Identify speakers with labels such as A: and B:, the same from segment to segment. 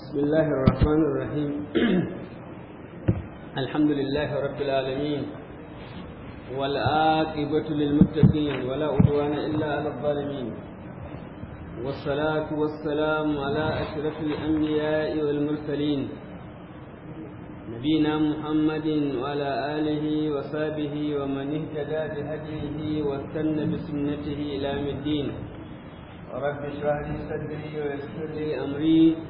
A: بسم الله الرحمن الرحيم
B: الحمد لله رب العالمين والآكبة للمتقين ولا أدوان إلا على الظالمين والصلاة والسلام على أشرف الأنبياء والمرسلين نبينا محمد وعلى آله وصحبه ومن اهتدى بهديه واستنى بسنته إلى يوم الدين
A: رب اشرح لي صدري ويسر لي أمري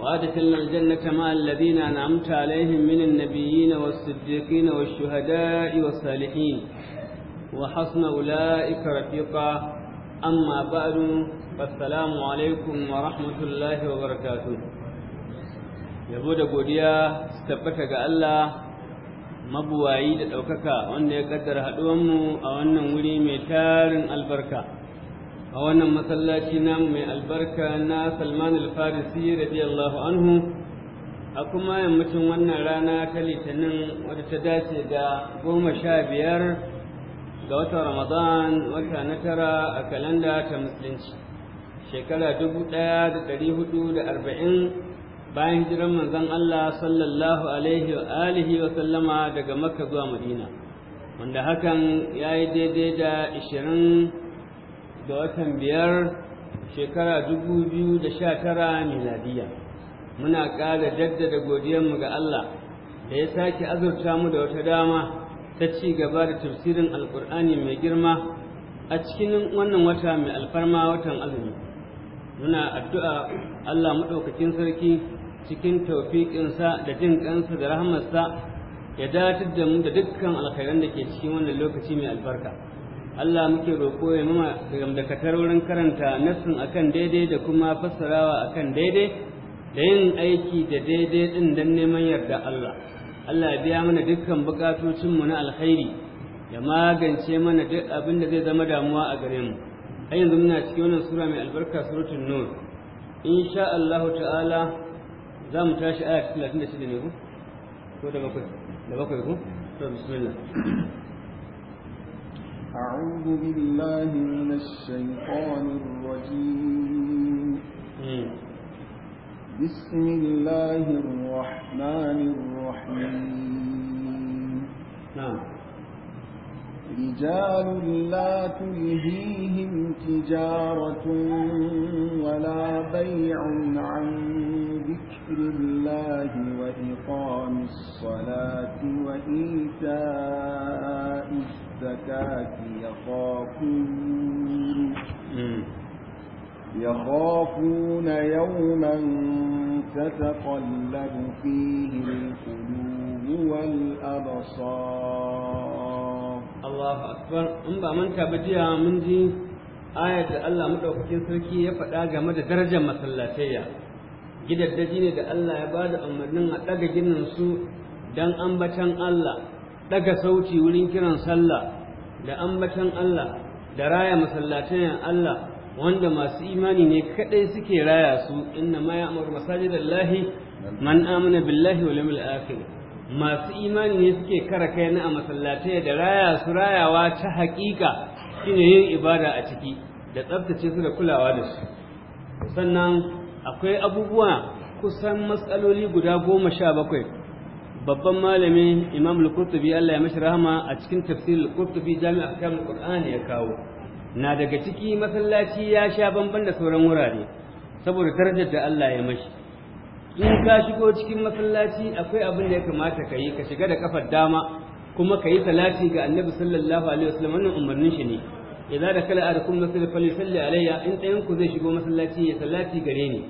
B: وأدخلنا الجنة مع الذين أنعمت عليهم من النبيين والصديقين والشهداء والصالحين وحسن أولئك رفيقا أما بعد فالسلام عليكم ورحمة الله وبركاته yabo da godiya su tabbata ga Allah mabuwayi da ɗaukaka wanda ya ƙaddara haɗuwanmu a wannan wuri mai tarin albarka a wannan masallaci namu mai albarka na salman al-Farisi radiyallahu anhu a kuma yammacin wannan rana ta litinin wadda ta dace da goma sha biyar ga wata ramadan wata na tara a kalanda ta musulunci shekara dubu ɗaya da ɗari hudu da arba'in bayan jiran manzon Allah sallallahu alaihi wa alihi wa sallama daga makka zuwa madina wanda hakan ya yi daidai da ishirin Da watan biyar shekara dubu biyu da sha tara miladiyya muna ƙara jaddada godiyanmu ga Allah da ya sake azurta mu da wata dama ta ci gaba da tafsirin alƙur'ani mai girma a cikin wannan wata mai alfarma watan azumi muna addu'a Allah maɗaukakin sarki cikin taufiƙinsa da jin ƙansa da rahamarsa ya datar da mu da dukkan alkhairan da ke cikin wannan lokaci mai albarka Allah muke roƙo ya mama dakatar wurin karanta nassin akan daidai da kuma fassarawa akan daidai da yin aiki da daidai din dan neman yarda Allah. Allah ya biya mana dukkan mu na alkhairi ya magance mana duk abin da zai zama damuwa a gare mu. A yanzu muna cikin wannan sura mai albarka suratul Nur. Insha Allah ta'ala za mu tashi aya 36 ne Ko da bakwai? Da bakwai ko? To bismillah.
A: أعوذ بالله من الشيطان الرجيم بسم الله الرحمن الرحيم نعم رجال لا تلهيهم تجارة ولا بيع عن ذكر الله وإقام الصلاة وإيتاء الزكاة الزكاة يخافون يخافون يوما تتقلب
B: فيه القلوب والأبصار الله أكبر إن من تبجيها من دي آية الله مدعو مدوكين سركي يفتا جامد درجة مسلاتية gidaddaji ne da Allah ya bada umarnin a ɗaga ginin su don ambatan Allah ɗaga sauti wurin kiran sallah da ambatan Allah da raya masallatan Allah wanda masu imani ne kadai suke raya su inna ma ya'muru masajidallahi man amana billahi wal yawmil akhir masu imani ne suke kara kai na a masallatai da raya su rayawa ta haƙiƙa shine yin ibada a ciki da tsaftace su da kulawa da su sannan akwai abubuwa kusan matsaloli guda goma sha bakwai babban malamin imam al-qurtubi Allah ya mashi rahama a cikin tafsir al-qurtubi jami'a kan al-qur'ani ya kawo na daga ciki masallaci ya sha bamban da sauran wurare saboda tarjar da Allah ya mashi in ka shigo cikin masallaci akwai abin da ya kamata ka yi ka shiga da kafar dama kuma ka yi salati ga annabi sallallahu alaihi wasallam wannan umarnin shi ne idza dakala ahadukum masjid falyusalli alayya in ɗayan ku zai shigo masallaci ya salati gare ni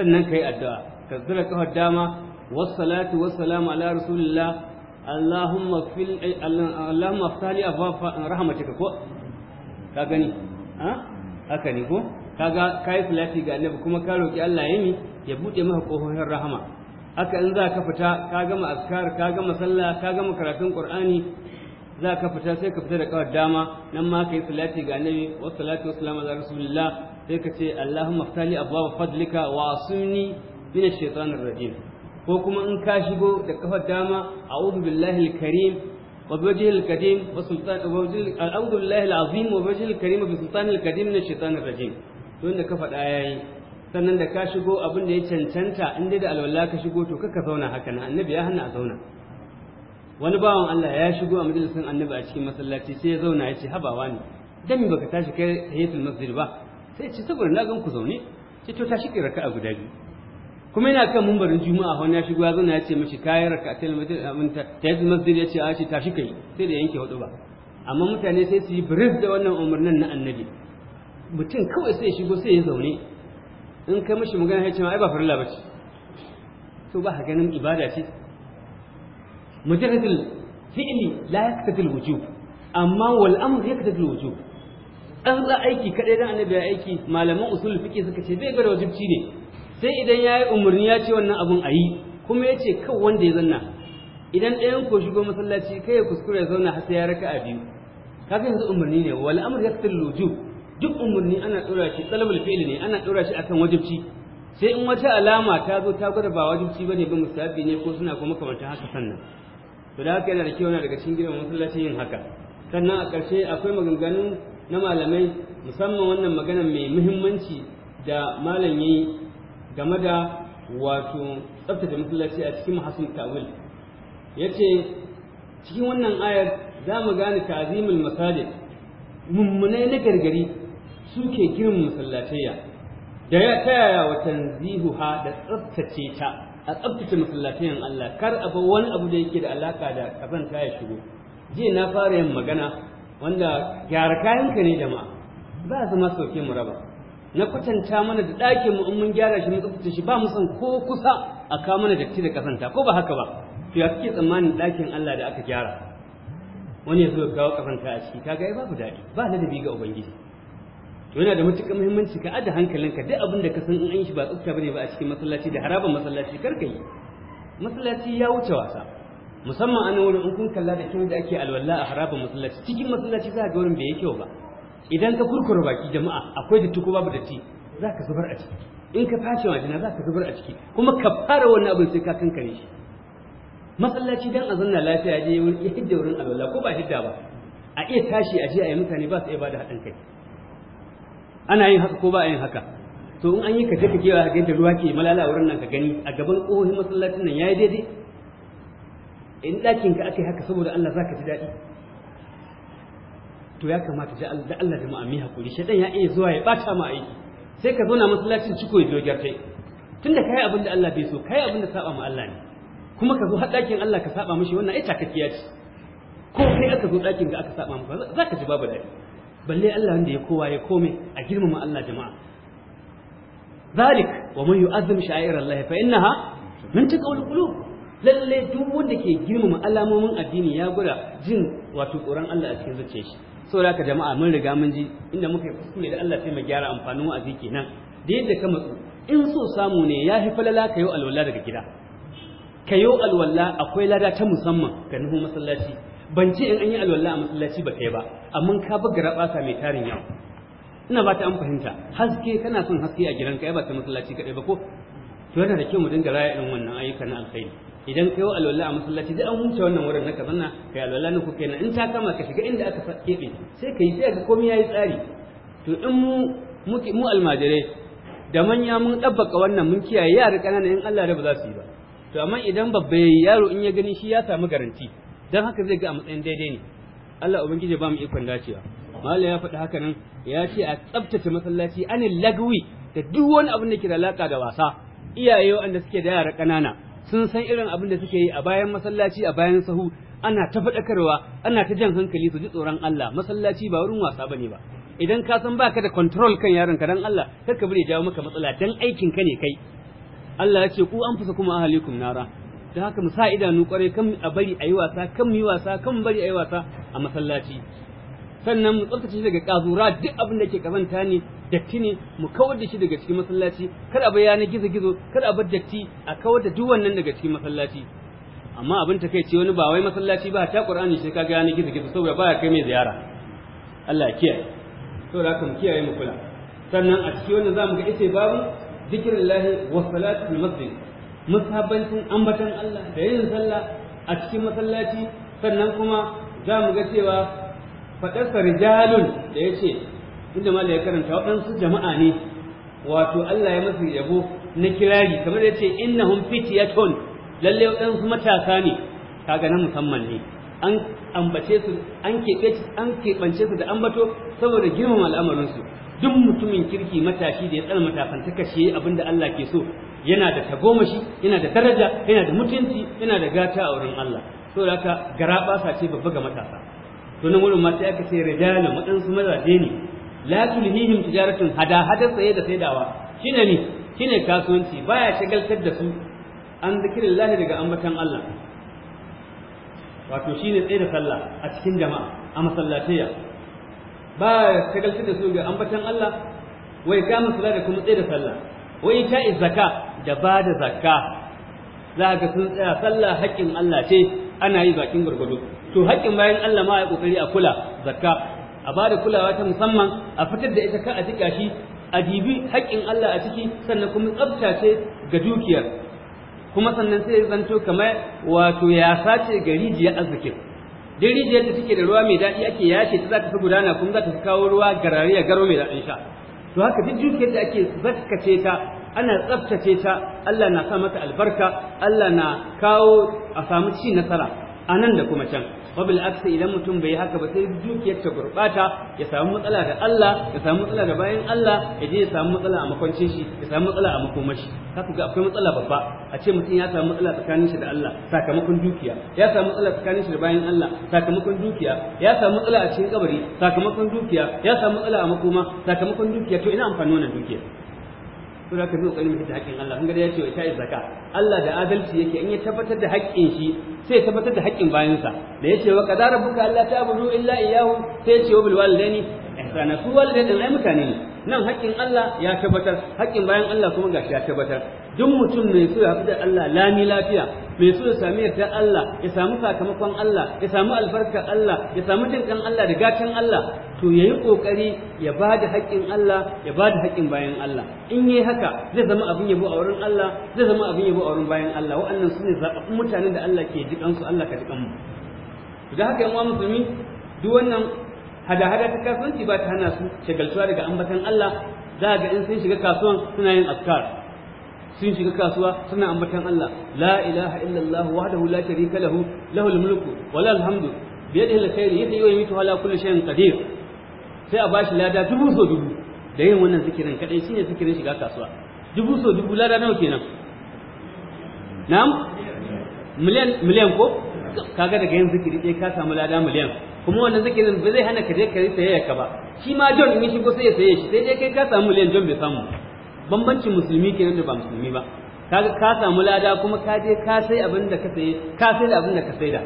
B: sannan ka yi addu'a ka zura kafar dama والصلاة والسلام على رسول الله اللهم اغفر اللهم افتح لي ابواب رحمتك ko ka gani ha haka ne ko kaga kai salati ga annabi kuma ka roki Allah ya yi ya bude maka rahama haka in za ka fita ka gama azkar ka gama sallah ka gama karatun qur'ani za ka fita sai ka fita da kawar dama nan ma ka yi salati ga annabi wa salatu wa salamu ala rasulillah sai ka ce allahumma ftali abwaaba fadlika wa asini min ash-shaytanir rajim ko kuma in ka shigo da kafar dama a'udhu billahi al-karim wa biwajhihi al-kadim wa sultan wa biwajhihi billahi al-azim wa biwajhihi al-karim bi sultan al-kadim na shaitanir rajim to inda ka da yayi sannan da ka shigo abin da ya cancanta in dai da alwala ka shigo to ka zauna haka na annabi ya hana a zauna wani bawan Allah ya shigo a majalisin annabi a cikin masallaci sai ya zauna ya ce habawa ne dan baka tashi kai hayatul masjid ba sai ce saboda na gan ku zaune ce to tashi ki raka'a guda biyu kuma yana kan mumbarin juma'a wani ya shigo ya zauna ya ce mashi kayan rakatul ta ta yi masjid ya ce a ce tashi kai sai da yanke hudu ba amma mutane sai su yi biris da wannan umarnin na annabi mutum kawai sai shigo sai ya zaune in kai mashi magana ya ce ma ai ba farilla ce to ba ganin ibada ce mujarradul fi'li la yaktadul wujub amma wal amr yaktadul wujub an za aiki kadai dan annabi ya aiki malaman usul fiqi suka ce bai ga wajibi ne sai idan ya yi umarni ya ce wannan abin a yi kuma ya ce kawai wanda ya zanna idan ɗayan ko shigo masallaci kai ya kuskure ya zauna har sai ya raka a biyu kaga yanzu umarni ne wal amr yaktul lujub duk umarni ana dora shi talabul fi'li ne ana dora shi akan wajibci sai in wata alama ta zo ta gwada ba wajibci bane ba musabi ne ko suna kuma kamar haka sannan to da haka yana da kyau yana daga cikin girman masallacin yin haka sannan a ƙarshe akwai maganganu na malamai musamman wannan magana mai muhimmanci da malam yayi game da wato tsaftace masallaci a cikin mahasin tawil ce cikin wannan ayar za mu gane ta'zimul masajid mummunai na gargari suke girin masallatayya da ya ta yaya wa tanzihuha da tsaftace ta a tsaftace masallatayin Allah kar a bar wani abu da yake da alaka da ta ya shigo jiya na fara yin magana wanda gyara kayanka ne jama'a ba su ma sauke mu raba na kwatanta mana da ɗakin mu gyara shi mun tsaftace shi ba mu san ko kusa a kawo mana datti da kasanta ko ba haka ba to ya kike tsammanin ɗakin Allah da aka gyara wani ya zo kawo kasanta a ciki kaga ai babu daɗi ba ladabi ga ubangiji to yana da matuƙar muhimmanci ka ada hankalinka duk abin da ka san in an shi ba tsafta bane ba a cikin masallaci da haraban masallaci kar ka yi masallaci ya wuce wasa musamman an wurin in kun kalla da kyau da ake alwala a harabar masallaci cikin masallaci za ga wurin bai yi kyau ba idan ka kurkura baki jama'a akwai datti ko babu datti za ka zubar a ciki in ka fashe majina za ka zubar a ciki kuma ka fara wannan abin sai ka kankare shi masallaci dan a zanna lafiya je ya hidda wurin alwala ko ba hidda ba a iya tashi a je a yi mutane ba su iya bada haɗin kai ana yin haka ko ba a yin haka to in an yi kaje ka kewa ga ruwa ke malala wurin nan ka gani a gaban ƙohohin masallacin nan yayi daidai in ɗakin ka aka yi haka saboda Allah za ka ji daɗi to ya kamata da Allah jama'a mai hakuri shedan ya iya zuwa ya bata ma aiki sai ka zauna masallacin ciko ya biyo gyartai tunda kai abin da Allah bai so kai abin da saba ma Allah ne kuma ka zo har Allah ka saba mishi wannan ai takakkiya ce ko kai aka zo dakin da aka saba maka za ka ji babu dai balle Allah wanda ya kowa ya kome a girmama Allah jama'a zalik wa man yu'azzim sha'irar Allah fa innaha min taqawul qulub lalle duk wanda ke girmama alamomin addini ya gura jin wato tsoron Allah a cikin shi saboda ka jama'a mun riga mun ji inda muka yi kuskure da Allah sai mu gyara amfanin wa'azi kenan da yadda ka matsu in so samu ne ya fi falala ka yi alwala daga gida ka yi alwala akwai lada ta musamman ka nuhu masallaci ban ce in an yi alwala a masallaci ba kai ba amma ka bi garabasa mai tarin yawa ina ba ta an fahimta haske kana son haske a gidan ya ba ta masallaci kaɗai ba ko to yana da kyau mu dinga raya irin wannan ayyukan alkhairi idan kai alwala a masallaci sai an huce wannan wurin naka zanna kai alwala ne ko kai in ta kama ka shiga inda aka keɓe. sai kai sai ka komai yayi tsari to in mu muke mu almajirai da manya mun dabbaka wannan mun kiyaye yara kanana in Allah da ba za su yi ba to amma idan babba yayi yaro in ya gani shi ya samu garanti don haka zai ga a matsayin daidai ne Allah ubangiji ba mu ikon dacewa Malam ya faɗi haka nan ya ce a tsabtace masallaci anil lagwi da duk wani abin da ke da alaka da wasa iyaye waɗanda suke da yara ƙanana sun san irin abin da suke yi a bayan masallaci a bayan sahu ana ta faɗakarwa ana ta jan hankali su ji tsoron Allah masallaci ba wurin wasa bane ba idan ka san baka da control kan yaron ka dan Allah kar ka bude jawo maka matsala dan aikin ka ne kai Allah ya ce ku an fusa kuma ahalikum nara da haka mu sa idanu kwarai kan a bari ayi wasa kan mu yi wasa kan bari ayi wasa a masallaci sannan mu tsarkace shi daga kazura duk abin da yake kazanta ne datti ne mu kawar da shi daga cikin masallaci kar a bayyana gizo gizo kar a bar datti a kawar da duk wannan daga cikin masallaci amma abin ta kai ce wani ba wai masallaci ba ta qur'ani sai kaga yana gizo gizo saboda baya kai mai ziyara Allah ya kiyaye saboda haka mu kiyaye mu kula sannan a cikin wannan zamu ga ita babu zikrillahi wa salatu fil masjid musabancin ambatan Allah da yin sallah a cikin masallaci sannan kuma zamu ga cewa faɗarsa rijalun da ya ce inda ma ya karanta waɗansu jama'a ne wato Allah ya masu yabo na kirari kamar ya ce innahum fityatun lalle waɗansu matasa ne kaga na musamman ne an ambace su an keɓance su da ambato saboda girmama al'amarinsu duk mutumin kirki matashi da ya tsara matasan ta kashe abin da Allah ke so yana da tagomashi yana da daraja yana da mutunci yana da gata a wurin Allah saboda haka garaba ce babba ga matasa to nan wurin ma sai aka ce rijalun waɗansu mazaje ne la tulhihim tijaratun hada hadar saye da saidawa shine ne shine kasuwanci baya shagaltar da su an zikirin lahi daga ambatan Allah wato shine tsaye da sallah a cikin jama'a a masallatiya ba shagaltar da su ga ambatan Allah wai ka sala da kuma tsaye da sallah wai ta zakka da ba da zakka za ka sun tsaya sallah haƙƙin Allah ce ana yi bakin gurgudu to haƙƙin bayan Allah ma ya ƙoƙari a kula zakka a ba da kulawa ta musamman a fitar da ita ka a jiƙa shi a dibi haƙƙin Allah a ciki sannan kuma tsabtace ga dukiyar kuma sannan sai ya zanto kamar wato ya sace ga rijiyar arzikin duk rijiyar da take da ruwa mai daɗi ake yace ta za ta fi gudana kuma za ta fi kawo ruwa ga rariya garo mai daɗin sha to haka duk dukiyar da ake zakkace ta ana tsabtace ta Allah na sa mata albarka Allah na kawo a samu ci nasara a nan da kuma can wabil aksa idan mutum bai haka ba sai dukiyar ta gurbata ya samu matsala da Allah ya samu matsala da bayan Allah ya je ya samu matsala a makwancin shi ya samu matsala a makomashi haka ga akwai matsala babba a ce mutum ya samu matsala tsakanin shi da Allah sakamakon dukiya ya samu matsala tsakanin shi da bayan Allah sakamakon dukiya ya samu matsala a cikin kabari sakamakon dukiya ya samu matsala a makoma sakamakon dukiya to ina amfani wannan dukiya suna ka bi kokarin mutunta haƙƙin Allah kun ya ce wa ta'i zaka Allah da adalci yake in ya tabbatar da haƙƙin shi sai ya tabbatar da haƙƙin bayansa da ce wa qadara rabbuka alla ta'budu illa iyyahu sai ya ce wa bil walidaini ihsana su walidain ai mutane ne nan haƙƙin Allah ya tabbatar haƙƙin bayan Allah kuma gashi ya tabbatar duk mutum mai so ya fi da Allah lami lafiya mai so ya sami yadda Allah ya samu sakamakon Allah ya samu albarkar Allah ya samu jinkan Allah da gacin Allah to yayi kokari ya bada haƙƙin Allah ya bada haƙƙin bayan Allah in yayi haka zai zama abin yabo a wurin Allah zai zama abin yabo a wurin bayan Allah wa'annan sune zaɓaɓɓun mutanen da Allah ke jikan su Allah ka jikan mu da haka yan uwa musulmi duk wannan hada-hada ta kasuwanci ba ta hana su shagaltuwa daga ambatan Allah za ga in sun shiga kasuwan suna yin askar sun shiga kasuwa suna ambatan Allah la ilaha illallah wahdahu la sharika lahu lahul mulku wa lahul hamdu bi yadihi alkhayr yahyi wa yumiitu ala kulli shay'in qadir sai a bashi lada dubu so dubu da yin wannan zikirin kadai shine zikirin shiga kasuwa dubu so dubu lada nawa kenan nam miliyan miliyan ko kaga daga yin zikiri dai ka samu lada miliyan kuma wannan zikirin ba zai hana ka je ka yi sayayya ka ba shi ma John in shigo sai ya saye shi sai dai kai ka samu miliyan John bai samu bambancin musulmi kenan da ba musulmi ba kaga ka samu lada kuma ka je ka sai abin da ka sai ka sai abin da ka sai da.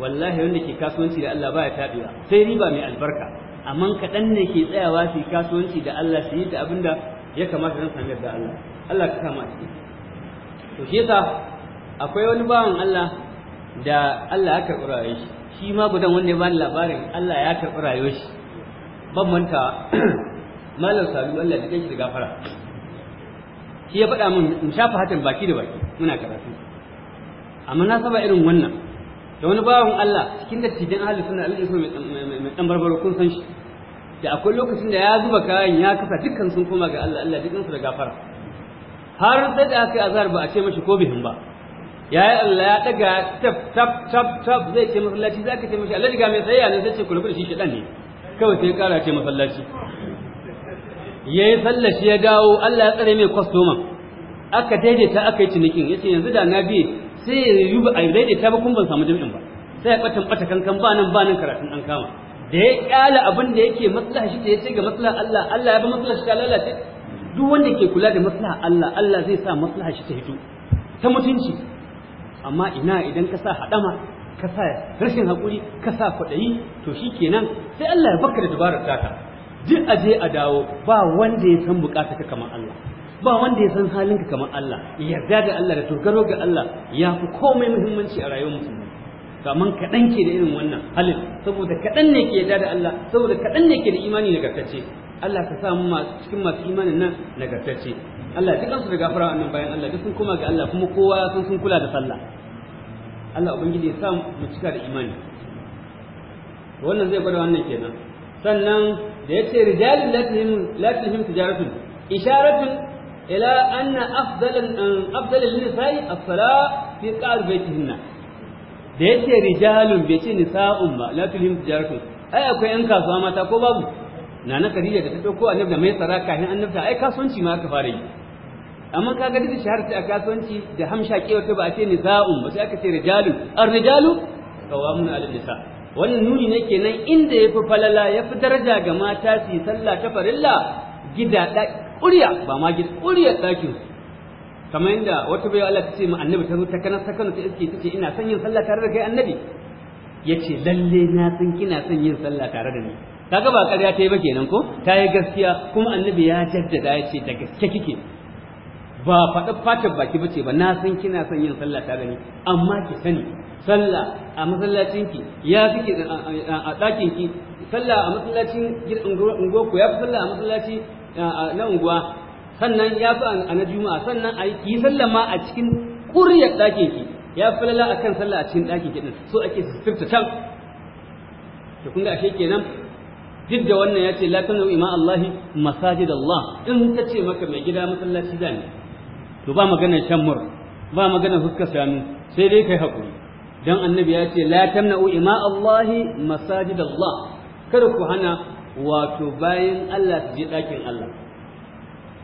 B: wallahi wanda ke kasuwanci da Allah baya tabewa sai riba mai albarka amma kaɗan ne ke tsayawa shi kasuwanci da Allah shi da abin da ya kamata na sanar da Allah Allah ka kama ciki to shi yasa akwai wani bawan Allah da Allah ya karɓi rayuwar shi shi ma gudan wanda ya bani labarin Allah ya karɓi rayuwar shi ban manta malam sabi Allah ya kai shi da gafara shi ya faɗa mun in shafa hatin baki da baki muna karatu amma na saba irin wannan da wani bawan Allah cikin dattijan ahli sunna Allah isu mai dan barbaro kun san shi da akwai lokacin da ya zuba kayan ya kasa dukkan sun koma ga Allah Allah dukkan su da gafara har sai da aka azar ba a ce mashi ko bihin ba ya yi Allah ya daga tap tap tap tap zai ce masallaci zaka ce mashi Allah diga mai tsaya ne sai ce kulubul shi shedan ne kawai sai kara ce masallaci ya yi sallashi ya dawo Allah ya tsare mai kwastoman aka daidaita aka yi cinikin ya ce yanzu da na biye sai ya yi ba a yi daidaita ba kun ban samu jami'in ba sai ya ɓatan ɓata kankan ba nan ba nan karatun an kama da ya ƙyala abin da yake maslaha shi ta yace ga maslaha Allah Allah ya ba maslaha shi ta lalace duk wanda ke kula da maslaha Allah Allah zai sa maslaha shi ta hito ta mutunci amma ina idan ka sa haɗama ka sa rashin haƙuri ka sa kwaɗayi to shi kenan sai Allah ya baka da dabarar taka duk a je a dawo ba wanda ya san ka kamar Allah ba wanda ya san halinka kamar Allah yarda da Allah da dogaro ga Allah ya fi komai muhimmanci a rayuwar musulmi kaman kaɗan ke da irin wannan halin saboda kaɗan ne ke yarda da Allah saboda kaɗan ne ke da imani nagartacce Allah ka sa mu cikin masu imanin nan nagartacce Allah duk su daga fara wannan bayan Allah duk sun koma ga Allah kuma kowa sun sun kula da sallah Allah ubangiji ya sa mu cika da imani wannan zai gwada wannan kenan sannan da yace rijalun latihim latihim tijaratun isharatun ila anna afdalan afdalan nisa'i as-sala fi qa'ar baytihinna da ya yace rijalun bai ce nisa'un ba latihim tijaratun ai akwai yan kasuwa mata ko babu na na Khadija da ta dauko annabi da mai tsara kafin annabta ai kasuwanci ma aka fara yi amma kaga duk shahar ta kasuwanci da hamsha kewa ta ba a ce nisa'un ba sai aka ce rijalun ar-rijalu qawamuna 'ala nisa' wannan nuni ne kenan inda yafi falala yafi daraja ga mata su yi sallah ta farilla gida da ƙurya ba ma gida ƙurya ɗakin kamar yadda wata bai Allah ta ce ma annabi ta zo ta kana sakanu ta iske tace ina son yin sallah tare da kai annabi yace lalle na san kina son yin sallah tare da ni kaga ba ƙarya ta yi ba kenan ko ta yi gaskiya kuma annabi ya jaddada ya ce da gaske kike ba faɗa fatar baki bace ba na san kina son yin sallah tare da ni amma ki sani sallah a masallacinki ya fi a ɗakinki sallah a masallacin unguwarku ya fi sallah a masallaci na unguwa sannan ya fi a na juma'a sannan a yi sallah ma a cikin ƙuryar ɗakinki ya fi lala a kan sallah a cikin ɗakinki ɗin so ake sirta can to kun ga ashe kenan duk da wannan ya ce la kana ima Allah masajid Allah in ka ce maka mai gida masallaci da ne to ba maganar mur ba maganar fuskar shanu sai dai kai hakuri dan annabi ya ce la tamna'u ima Allahi masajid Allah kada ku hana wato bayan Allah su je ɗakin Allah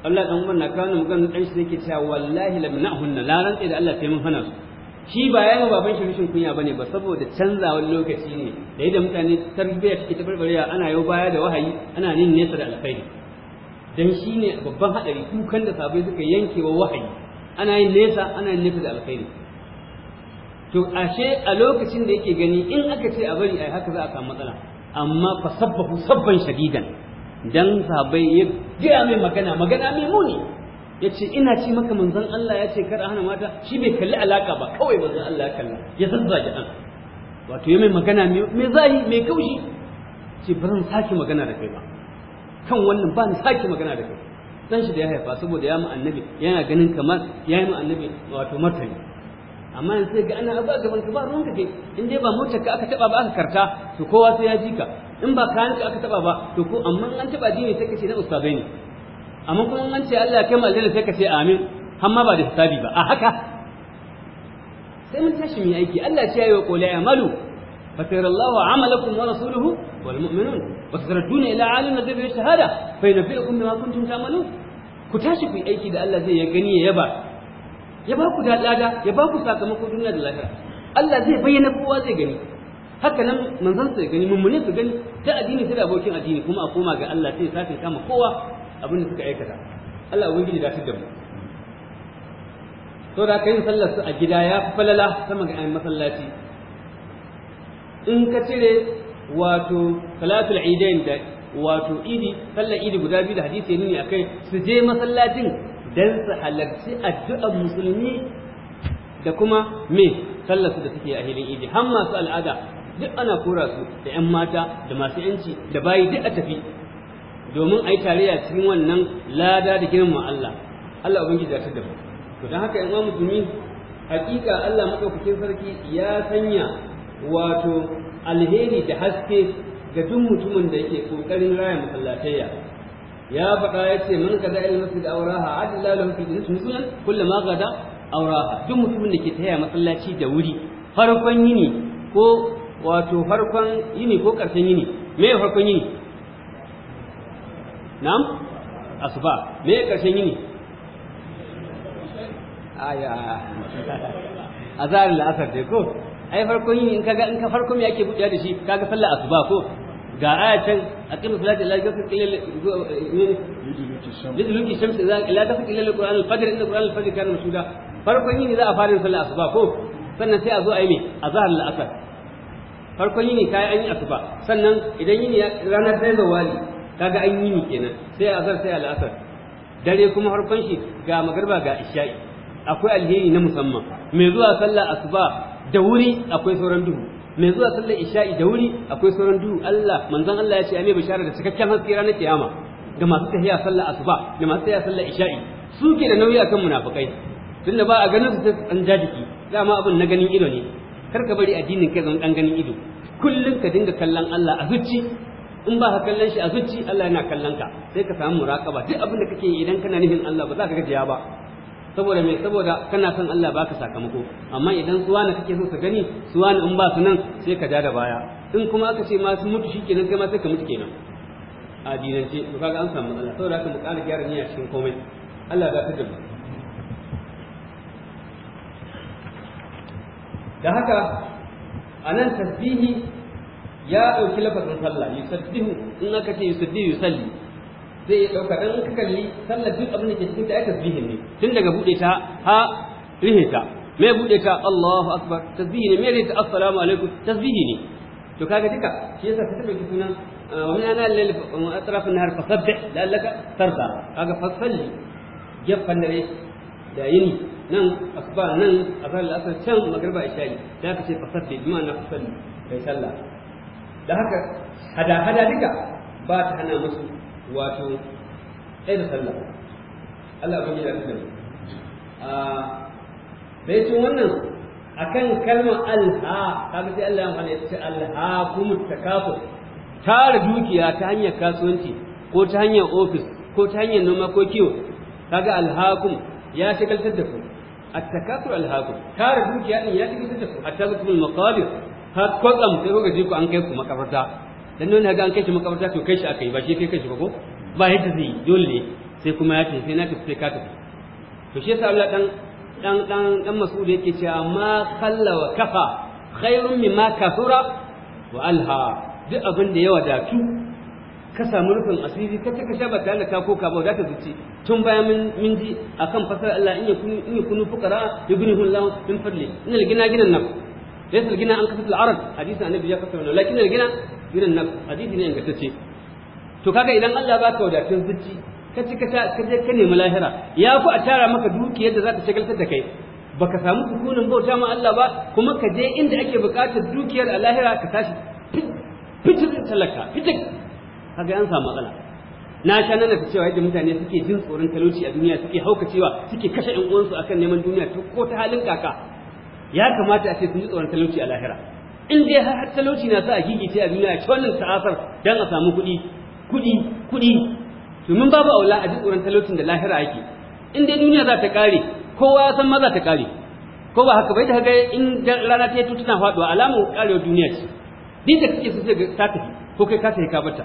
B: Allah dan wannan kana ganin dan shi yake cewa wallahi lam na'hunna la ran da Allah sai mun hana shi ba ya baban shi rishin kunya bane ba saboda canzawa lokaci ne da yadda mutane tarbiyya take tabarbarewa ana yau baya da wahayi ana nin nesa da alkhairi dan shi ne babban hadari dukan da sabai suka yankewa wahayi ana yin nesa ana yin nesa da alkhairi to ashe a lokacin da yake gani in aka ce a bari ai haka za a samu matsala amma fa sabbahu sabban shadidan dan sabai ya gaya mai magana magana mai muni ya ce ina ci maka manzon Allah ya ce kar a hana mata shi bai kalli alaka ba kawai manzon Allah ya kalla ya zazzaje an wato ya mai magana mai zahi mai kaushi ce ba zan magana da kai ba kan wannan ba ni saki magana da kai dan shi da ya haifa saboda ya mu annabi yana ganin kamar ya yi mu annabi wato martani amma yanzu sai ga ana abuwa gaban ka ba ruwan kake in dai ba motar ka aka taba ba aka karta to kowa sai ya ji ka in ba kayan ka aka taba ba to ko amma an taba dini sai ka ce na ustazai ne amma kuma an ce Allah ya kai mu aljanna sai ka ce amin har ma ba da hisabi ba a haka sai mun tashi mu aiki Allah ce yi wa qul ya'malu فسير الله عملكم ورسوله والمؤمنون وستردون الى عالم الغيب والشهاده فينبئكم بما كنتم تعملون ku tashi ku yi aiki da Allah zai ya gani ya yaba ya ba ku lada ya ba ku sakamakon duniya da lahira
A: Allah zai bayyana
B: kowa zai gani haka nan manzon sai gani mummune su gani ta addini sai da abokin addini kuma a koma ga Allah sai sai kama kowa abin da suka aikata Allah ubangiji da shi da mu to da kai sallar su a gida ya falala sama ga ayin masallaci in ka cire wato salatul idain da wato idi sallar idi guda biyu da hadisi ne akai su je masallacin dan su halarci addu'ar musulmi da kuma me sallarsu da suke a hilin idi har masu al'ada duk ana kora su da 'yan mata da masu 'yanci da bayi duk a tafi domin a yi tarayya cikin wannan lada da girma Allah Allah ubangiji ya da mu to don haka 'yan uwa musulmi hakika Allah madaukakin sarki ya sanya wato alheri da haske ga duk mutumin da yake kokarin raya masallatayya ya faɗa ya ce man kaza ilal masjid awraha adalla lahu fil jannati nuzulan kullama gada awraha duk mutumin da ke taya masallaci da wuri farkon yini ko wato farkon yini ko karshen yini me farkon yini na'am asuba me karshen yini aya azar al-asr dai ko ai farkon yini in kaga in farkon me ake buɗe da shi kaga sallar asuba ko ga aya can a kan salati ila gafi kilal liduluki shams ila ila gafi kilal qur'an al-fajr inna qur'an al-fajr kana masuda farkon yini za a fara sallar asuba ko sannan sai a zo a yi me a zahar la'asar. farkon yini kai an yi asuba sannan idan yini ranar sai zawali kaga an yini kenan sai a zar sai a la'asar. dare kuma farkon shi ga magarba ga isha'i akwai alheri na musamman mai zuwa sallar asuba da wuri akwai sauran duhu mai zuwa sallar isha'i da wuri akwai sauran duhu Allah manzon Allah ya ce ai bishara da cikakken haske ranar kiyama ga masu tahiya sallar asuba da masu tahiya sallar isha'i su ke da nauyi akan munafikai tunda ba a ganin su sai an jajiki dama abin na ganin ido ne kar ka bari addinin kai zan dan ganin ido kullum ka dinga kallon Allah a zuci in ba ka kallon shi a zuci Allah yana kallon ka sai ka samu muraqaba duk abin da kake yi idan kana nufin Allah ba za ka gajiya ba saboda mai saboda kana son Allah baka sakamako amma idan suwa na kake so ka gani suwa in ba su nan sai ka ja da baya in kuma aka ce ma sun mutu shikenan kai ma sai ka mutu kenan a dinance to kaga an samu matsala saboda haka mu ƙara gyara niyya cikin komai Allah ba ta mu da haka a nan tasbihi ya ɗauki lafazin sallah yusaddihu in aka ce yusaddihu yusalli zai iya ɗauka ɗan ka kalli sallar duk abin da ke cikin ta ai ne tun daga buɗe ta ha rihe ta me buɗe ta Allahu akbar tasbihi ne me rihe ta assalamu alaikum tasbihi ne to kaga duka shi yasa ka tabbata sunan ah, wani min ana lil atraf an-nahar fasabbih la'allaka tarda kaga fasalli gefan dare da yini nan asuba nan asar al-asr can magriba isha'i da aka ce fasabbih bima na fasalli kai sallah da haka hada hada duka ba ta hana musu wato ɗaya da sallah Allah ya yana ah, da a bayan wannan akan kalmar alha kaga sai Allah ya amfana ya ce alha kuma kafa tara dukiya ta hanyar kasuwanci ko ta hanyar ofis ko ta hanyar noma ko kiwo kaga alhakum ya shagaltar da ku at alha alhakum tara dukiya din ya shagaltar da ku hatta zakumul maqabir har kwatsam sai kuka ji ku an kai ku makabarta dan nuna ga an kai shi makabarta to kai shi aka yi ba shi kai kai shi ba ko ba yadda zai dole ne sai kuma ya ce sai na tafi sai ka tafi to shi yasa Allah dan dan dan dan Mas'ud yake ce ma khalla wa kafa khairun mimma kathura wa alha duk abin da ya wadatu ka samu rufin asiri ka taka sha ba tare da ka koka ba wadata zuci tun bayan min ji akan fasar Allah in yakunu in yakunu fuqara yughnihum Allah min fadli inal gina ginan nan laysa al-gina an kasat al-arad hadisi annabi ya kasar lakin al-gina irin na hadisi ne ce. to kaga idan Allah baka wadatun zuci ka ci ka ka je ka nemi lahira ya fi a tara maka dukiyar da za ta shagaltar da kai baka samu sukunin bauta ma Allah ba kuma ka je inda ake buƙatar dukiyar a lahira ka tashi fitin talaka fitin kaga an samu matsala na sha nan ta cewa yadda mutane suke jin tsoron talauci a duniya suke haukacewa suke kashe ƴan uwansu akan neman duniya ko ta halin kaka ya kamata a ce sun ji tsoron talauci a lahira in dai har talauci na sa a gigice a duniya ta wannan ta'asar dan a samu kuɗi kuɗi kuɗi domin babu aula a duk tsoron talaucin da lahira yake in dai duniya za ta ƙare kowa ya san maza ta ƙare ko ba haka bai da haka in rana ta yi tana faɗuwa alamar ƙarewar duniya ce din da kake sai ga ta tafi ko kai ka tafi ka bata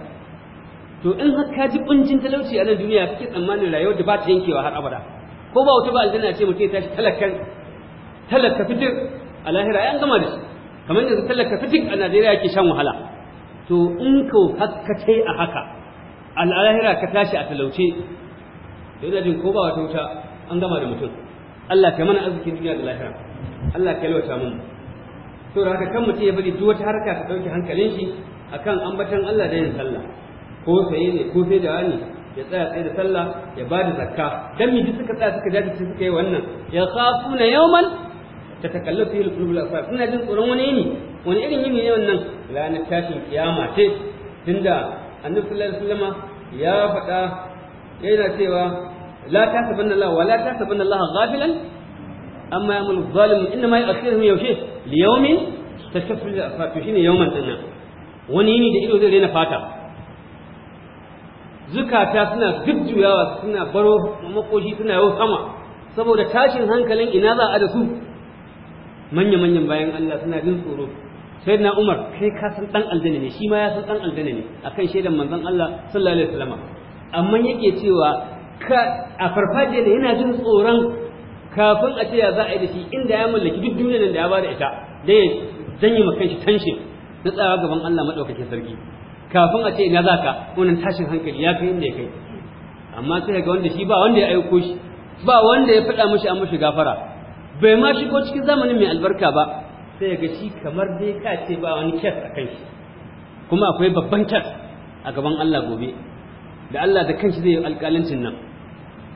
B: to in har ka ji kuncin talauci a nan duniya kake tsammanin rayuwar da ba ta yankewa har abada ko ba wata ba aljanna ce mutum ya tashi talakan talaka fitir a lahira ya gama da shi kamar yanzu ka fitik a najeriya ke shan wahala to in ko haka ce a haka al'ahira ka tashi a talauce Da jin ko ba wata wuta an gama da mutum Allah ka mana arzikin duniya da lahira Allah ka yalwata mun to da haka kan mutum ya bari duwata harka ta dauke hankalin shi akan ambatan Allah da yin sallah ko sai ne ko sai da wani ya tsaya tsaye da sallah ya bada zakka dan miji suka tsaya suka jaji suka yi wannan ya khafuna yawman ta takallafu fil qulubil asfar suna jin tsoron wani ne wani irin yini ne wannan ranar tashin kiyama ce tunda annabi sallallahu alaihi wasallama ya faɗa yana cewa la tasabanna Allah wa la tasabanna Allah ghafilan amma ya'malu zalimu inna ma yu'akhiruhum yaushe li yawmin tashaffu lil asfar to shine yawman dinnan wani yini da ido zai rena fata zukata suna gujjuyawa suna baro makoshi suna yau sama saboda tashin hankalin ina za a da su manya-manyan bayan Allah suna jin tsoro sai na umar kai ka san ɗan aljanna ne shi ma ya san ɗan aljanna ne a kan shaidan manzan Allah sallallahu alaihi wasallama amma yake cewa ka a farfajiyar yana jin tsoron kafin a ce ya za a yi da shi inda ya mallaki duk duniyar da ya ba da ita da ya janye maka shi tanshi na tsawa gaban Allah maɗaukakin sarki kafin a ce ina za ka wannan tashin hankali ya kai inda ya kai amma sai ga wanda shi ba wanda ya aiko shi ba wanda ya faɗa mashi an mashi gafara bai ma shi ko cikin zamanin mai albarka ba sai ga shi kamar dai ka ce ba wani kyas a kan shi kuma akwai babban kyas a gaban Allah gobe da Allah da kanshi zai yi alƙalancin nan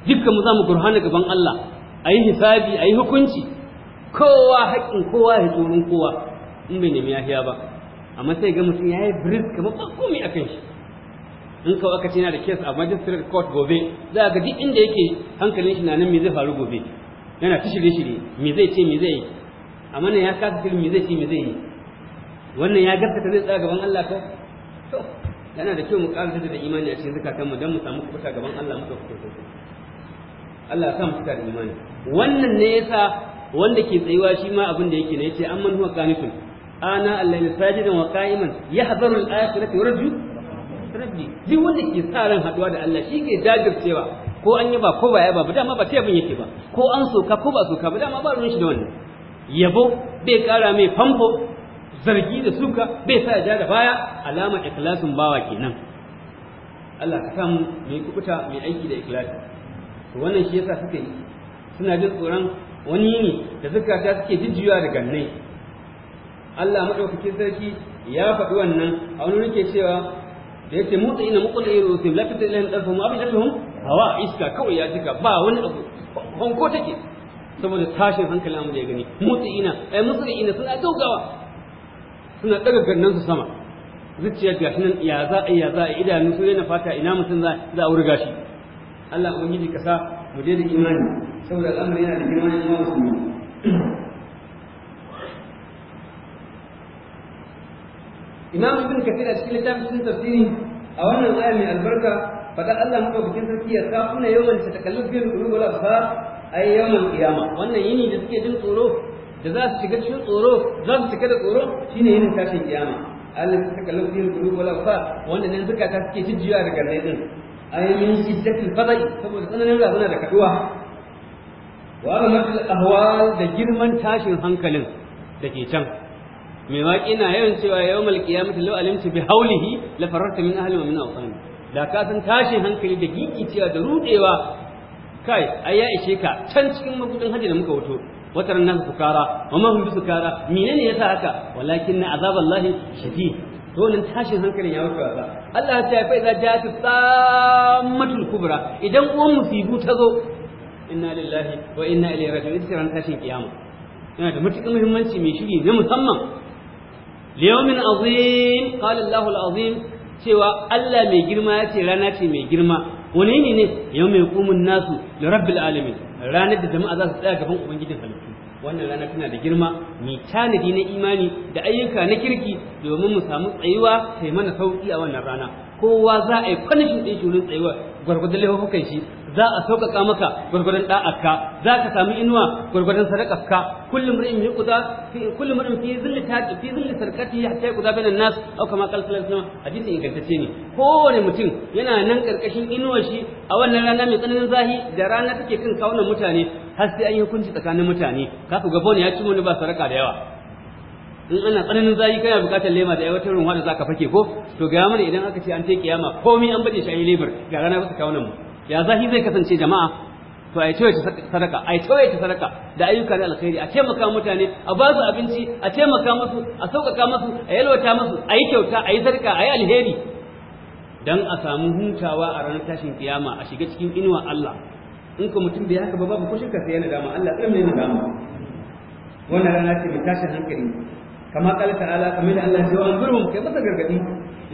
B: dukkan mu za mu gurhana gaban Allah a yi hisabi a yi hukunci kowa haƙƙin kowa ya tsoron kowa in bai nemi yahiya ba amma sai ga mutum ya yi biris kamar ba komai a kan shi in kawai aka ce yana da kyas a majistrate court gobe za a ga duk inda yake hankalin shi na nan me zai faru gobe yana ta shirye shirye me zai ce me zai yi amma nan ya kasa shirin me zai ce me zai yi wannan ya gaskata zai tsaya gaban Allah ko to yana da kyau mu ƙara da imani a cikin mu don mu samu kubuta gaban Allah mu ɗauki kubuta Allah ya sa mu da imani wannan ne yasa wanda ke tsayuwa shi ma abin da yake ne yace amman huwa qanitun ana allahi sajidan wa qa'iman yahdharu al-akhirati yarju rabbi duk wanda ke sa ran haduwa da Allah shi ke jajircewa ko an yi ba ko ba ya ba dama ba ta yabin yake ba ko an soka ko ba soka ba dama ba ruwan shi da wannan yabo bai kara mai famfo zargi da suka bai sa ja da baya alama ikhlasin bawa kenan Allah ka samu mai kukuta mai aiki da ikhlasi to wannan shi yasa suka yi suna jin tsoron wani ne da ta suke jijjiwa da gannai Allah madaukakin sarki ya faɗi wannan a wani rike cewa da yake mu ina mu kullu iru sib la fitil lahum mu abin dalfum hawa iska kawai ya cika ba wani abu banko take saboda tashin hankali mu da ya gani mu ina, ai mu ina suna dogawa suna daga gannan su sama ga gashi nan ya za a ya za a idanu su yana fata ina mutum za a wurga shi Allah ubangiji ka sa mu je da imani saboda al'amari yana da girma ne musulmi imam ibn kathir a cikin littafin sun tafsiri a wannan aya mai albarka fadar Allah bikin sarki ya sa kuna yawan ta takalluf bil qulub wal absar ay yawm al wannan yini da suke jin tsoro da za su shiga cikin tsoro za su shiga da tsoro shine yini tashin kiyama Allah ta takalluf bil qulub wal absar wanda nan zakata suke jijjiya daga nan din ay min shiddatil fadai saboda tsananin razana da kaduwa wa ramatul ahwal da girman tashin hankalin da ke can mai waƙi na yawan cewa yau ya mutu lau alimtu bi haulihi la fararta min ahli wa min awtani da ka san tashin hankali da gigicewa da rudewa kai ai ya ishe ka can cikin magudin haji da muka wuto watar nan sukara wa ma hum sukara menene yasa haka walakin na azaballahi shadid to nan tashin hankalin ya wuce wasa Allah ya ce fa idza ja'at sammatul kubra idan uwan musibu ta zo inna lillahi wa inna ilaihi raji'un tashin kiyama yana da matuƙar muhimmanci mai shiri na musamman liyomin azim qala Allahu cewa Allah mai girma yace rana ce mai girma wani ne ne yau mai nasu da rabbil alamin ranar da jama'a za su tsaya gaban ubangijin halittu wannan rana tana da girma mai tanadi na imani da ayyuka na kirki domin mu samu tsayuwa sai mana sauki a wannan rana kowa za a yi kwanishin ɗin shi wurin tsayuwa gwargwadon laifukan shi za a sauƙaƙa maka gwargwadon da'arka za ka sami inuwa gwargwadon sadakarka kullum ri'in yuqda kuza kullum ri'in fi zilli taqi fi zilli ya ta kuza bainan nas au kama qala sallallahu alaihi wasallam hadisi ingantacce ne kowane mutum yana nan karkashin inuwar shi a wannan rana mai tsananin zahi da rana take kan kawunan mutane har sai an yi hukunci tsakanin mutane ka ku gabo ne ya ci wani ba saraka da yawa in ana tsananin zayi kana bukatar lema da yawatar ruwa da zaka fake ko to ga mana idan aka ce an tai kiyama komai an bade shi an yi lebar ga rana ba ta kawo nan mu ya zahi zai kasance jama'a to a tawaita sadaka a tawaita sadaka da ayyuka na alkhairi a taimaka mutane a ba su abinci a taimaka musu a sauƙaƙa musu a yalwata musu a yi kyauta a yi sadaka a yi alheri dan a samu hutawa a ranar tashin kiyama a shiga cikin inuwa Allah in ka mutum bai haka ba babu kushin ka sai yana dama Allah tsare yana dama wannan rana ce mai tashin hankali kama kala ta'ala kamar Allah ya ce wa anzurhum kai masa gargadi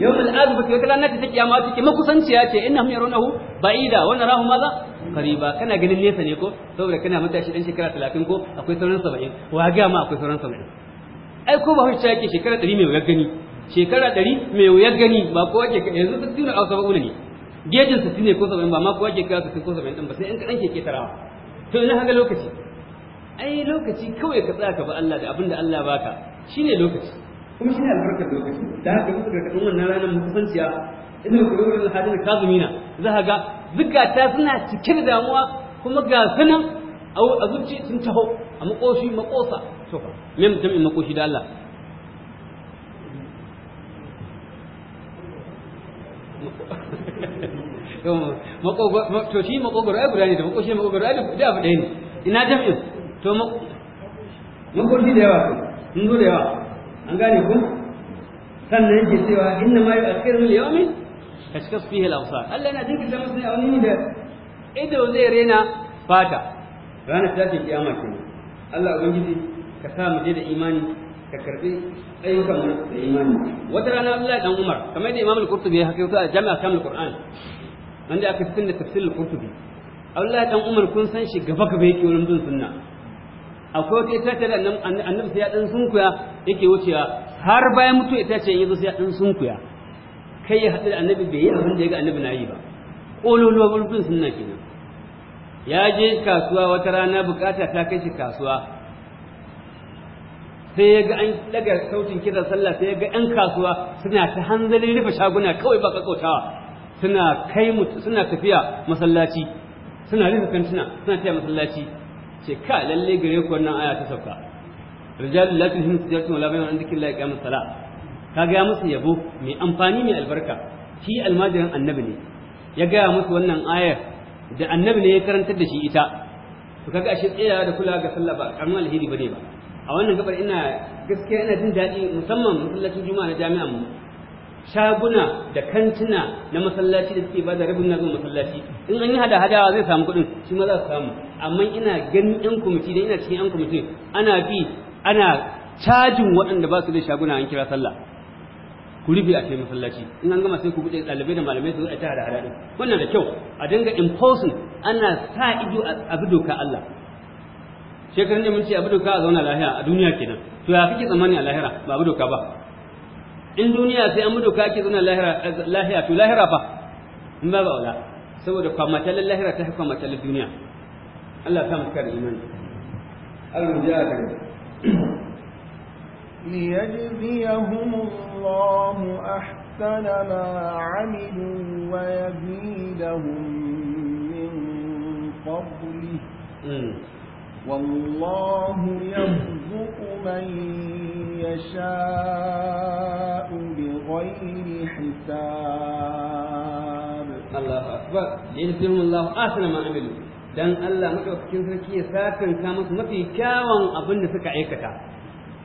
B: Yau yawmul azbati wata ranar ta kiyama take makusanciya ce innahum yarunahu ba'ida wa narahu madha qariba kana ganin nesa ne ko saboda kana matashi dan shekara 30 ko akwai sauran 70 wa ga ma akwai sauran 70 ai ko ba hujja yake shekara 100 mai wuyar gani shekara 100 mai wuyar gani ba ko yake yanzu 60 a 70 ne gejin 60 ne ko 70 ba ma ko yake kira ko 70 din ba sai in kadan ke ketarawa to ina hanga lokaci ai lokaci kawai ka tsaya ka ba Allah da abin da Allah baka shine lokaci kuma shi ne albarkar lokaci da haka kuma ga karkashin wannan ranar mukusanciya inda ku ga wurin hadin kazumina za ka ga zukata suna cikin damuwa kuma ga sunan au zuci sun taho a makoshi makosa to fa me mutum in makoshi da Allah to shi makogoro ai guda da makoshi makogoro ai da abu ɗaya ne ina jami'in to makoshi da yawa in zo da yawa an gane ku sannan yake cewa inna ma yu'akhiru li yawmin kashkas fihi al-absar Allah yana jinkirta musu ne a wani da ido zai rena fata ranar ta ce kiyama kenan Allah ubangiji ka sa mu je da imani ka karbi ayyukan mu da imani wata rana Allah dan Umar kamar da Imam al-Qurtubi ya hakaito a Jami'a Kamil Qur'an wanda aka fitin da tafsir al-Qurtubi Allah dan Umar kun san shi gaba gaba yake wurin bin sunna akwai wata itace da annabi sai ya dan sunkuya yake wucewa har bayan mutu itace yanzu sai ya dan sunkuya kai ya hadu da annabi bai yi abin da ya ga annabi na yi ba ƙololuwa bulbin sunna kenan ya je kasuwa wata rana bukata ta kai shi kasuwa sai ya ga an daga sautin kiran sallah sai ya ga 'yan kasuwa suna ta hanzalin rufe shaguna kawai ba kakautawa suna kai suna tafiya masallaci suna rufe kantuna suna tafiya masallaci ce ka lalle gare ku wannan aya ta sauka rijalun lati hin tijatu la bayan indiki la qiyamus sala ka ga musu yabo mai amfani mai albarka shi almajirin annabi ne ya gaya musu wannan ayar da annabi ne ya karantar da shi ita to kaga ashe tsaya da kula ga sallah ba kan alheri bane ba a wannan gabar ina gaskiya ina jin daɗi musamman masallacin juma'a na jami'an mu shaguna da kantuna na masallaci da suke da rabin na zuwa masallaci in an yi hada hadawa zai samu kuɗin shi ma za su samu amma ina ganin yan kwamiti da ina cikin yan kwamiti ana bi ana cajin waɗanda ba su da shaguna an kira sallah ku rufe a cikin masallaci in an gama sai ku buɗe ɗalibai da malamai su a ta hada hada wannan da kyau a dinga imposing ana sa ido a bi doka Allah shekarun da mun ce abu doka a zauna lahiya a duniya kenan to ya kake tsammani a lahira ba abu doka ba in duniya sai an mutu kake zuna lahiya to lahira fa in ba ba wala saboda kwamatalin lahira ta kwamatalin duniya Allah ta muka da imani al ta
A: ليجزيهم الله أحسن ما عملوا ويزيدهم من فضله والله يرزق من يشاء بغير حساب
B: الله أكبر الله أحسن ما عملوا dan Allah sarki ya sakan ka musu mafi kyawun abin da suka aikata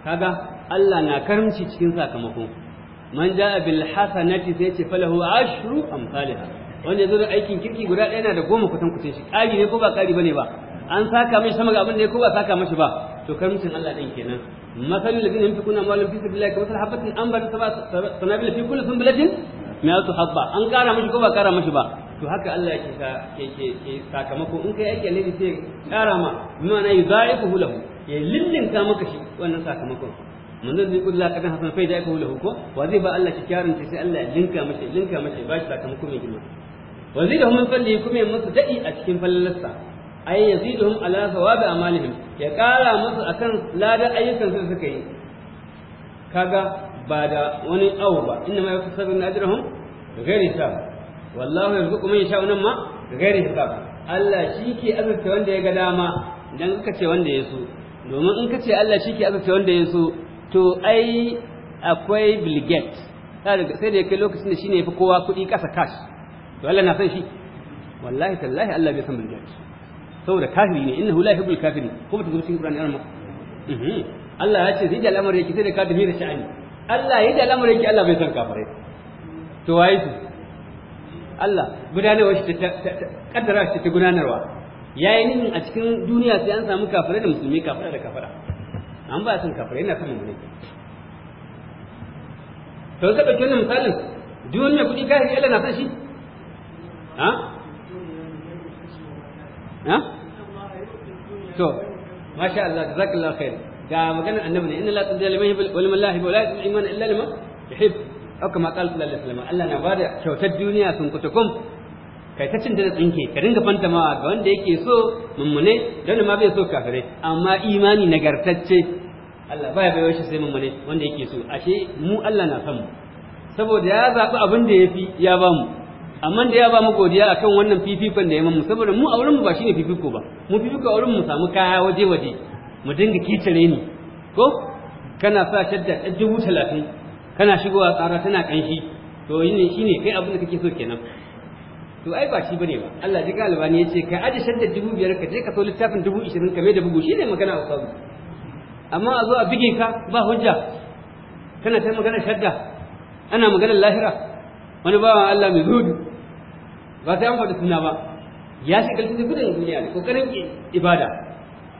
B: kaga Allah na karamci cikin sakamako man ja'a bil hasanati sai ce falahu ashru amsalha wanda aikin kirki guda ɗaya na da goma kusan kucin shi ƙari ne ko ba ƙari bane ba an saka mai sama ga abin da ya ko saka mashi ba to kar mutum Allah din kenan masalul ladina yunfikuna amwalahum fi sabilillahi kamathali habatin anbatat sab'a sanabil fi kulli mai mi'atu habba an kara mashi ko ba kara mashi ba to haka Allah yake ke ke ke sakamako in kai aiki alheri sai kara ma bima na yudaifuhu lahu ya lillinka maka shi wannan sakamakon mun zai kullu la kadan hasan faida yake lahu ko wa zai ba Allah kikyarin ta sai Allah ya linka mashi linka mashi ba shi sakamako mai girma wa zai da mun salli kuma yin masa da'i a cikin fallalsa ay yaziduhum ala thawabi amalihim ya kara musu akan ladan ayyukan su suka yi kaga ba da wani awu ba inna ma yaksabu ajrahum ghairi hisab wallahu yarzuqu man yasha'u nan ma ghairi hisab Allah shi ke azurta wanda ya ga dama dan ka ce wanda ya so domin in ka ce Allah shi ke azurta wanda ya so to ai akwai Bill sai da ya kai lokacin da shine yafi kowa kuɗi ƙasa cash to Allah na san shi wallahi tallahi Allah bai san Bill Gates saboda kafiri ne inna hula hibul kafiri ko bata zo cikin Qur'ani an mhm. Allah ya ce zai da al'amari yake sai da kafiri da sha'ani Allah ya da al'amari yake Allah bai san kafare. to waye su Allah gudanarwa shi ta kaddara shi ta gudanarwa yayi nin a cikin duniya sai an samu kafare da musulmi kafare da kafara an ba san kafare yana san mu ne to sai bakin misalin duniya kudi kafiri Allah na san shi ha
A: ha to masha Allah
B: jazakallahu khair ga maganar annabi ne inna la tadilla liman wal malahi wa la yadil iman illa liman yuhib aw kama qala sallallahu alaihi wasallam Allah na bada kyautar duniya sun kutukum kai ta cin da tsinke ka dinga fantamawa ga wanda yake so mummune dan ma bai so kafirai amma imani nagartacce Allah baya bai shi sai mummune wanda yake so ashe mu Allah na san mu saboda ya zaɓi abin da ya fi ya bamu amma da ya ba mu godiya akan wannan fifikon da ya mamu saboda mu a wurinmu ba shine fifiko ba mu fifiko a wurinmu samu kaya waje waje mu dinga kitare ni ko kana sa shadda ta dubu talatin kana shigowa tsara tana kanshi to yin shine kai abin da kake so kenan to ai ba shi bane ba Allah ji galibani yace ka aje shadda dubu biyar ka je ka so littafin dubu ishirin ka mai da bugu shine magana a sabu amma a zo a bige ka ba hujja kana ta magana shadda ana magana lahira wani bawan Allah mai zuwa ba sai an faɗi suna ba ya shiga da gudun duniya ne kokarin ibada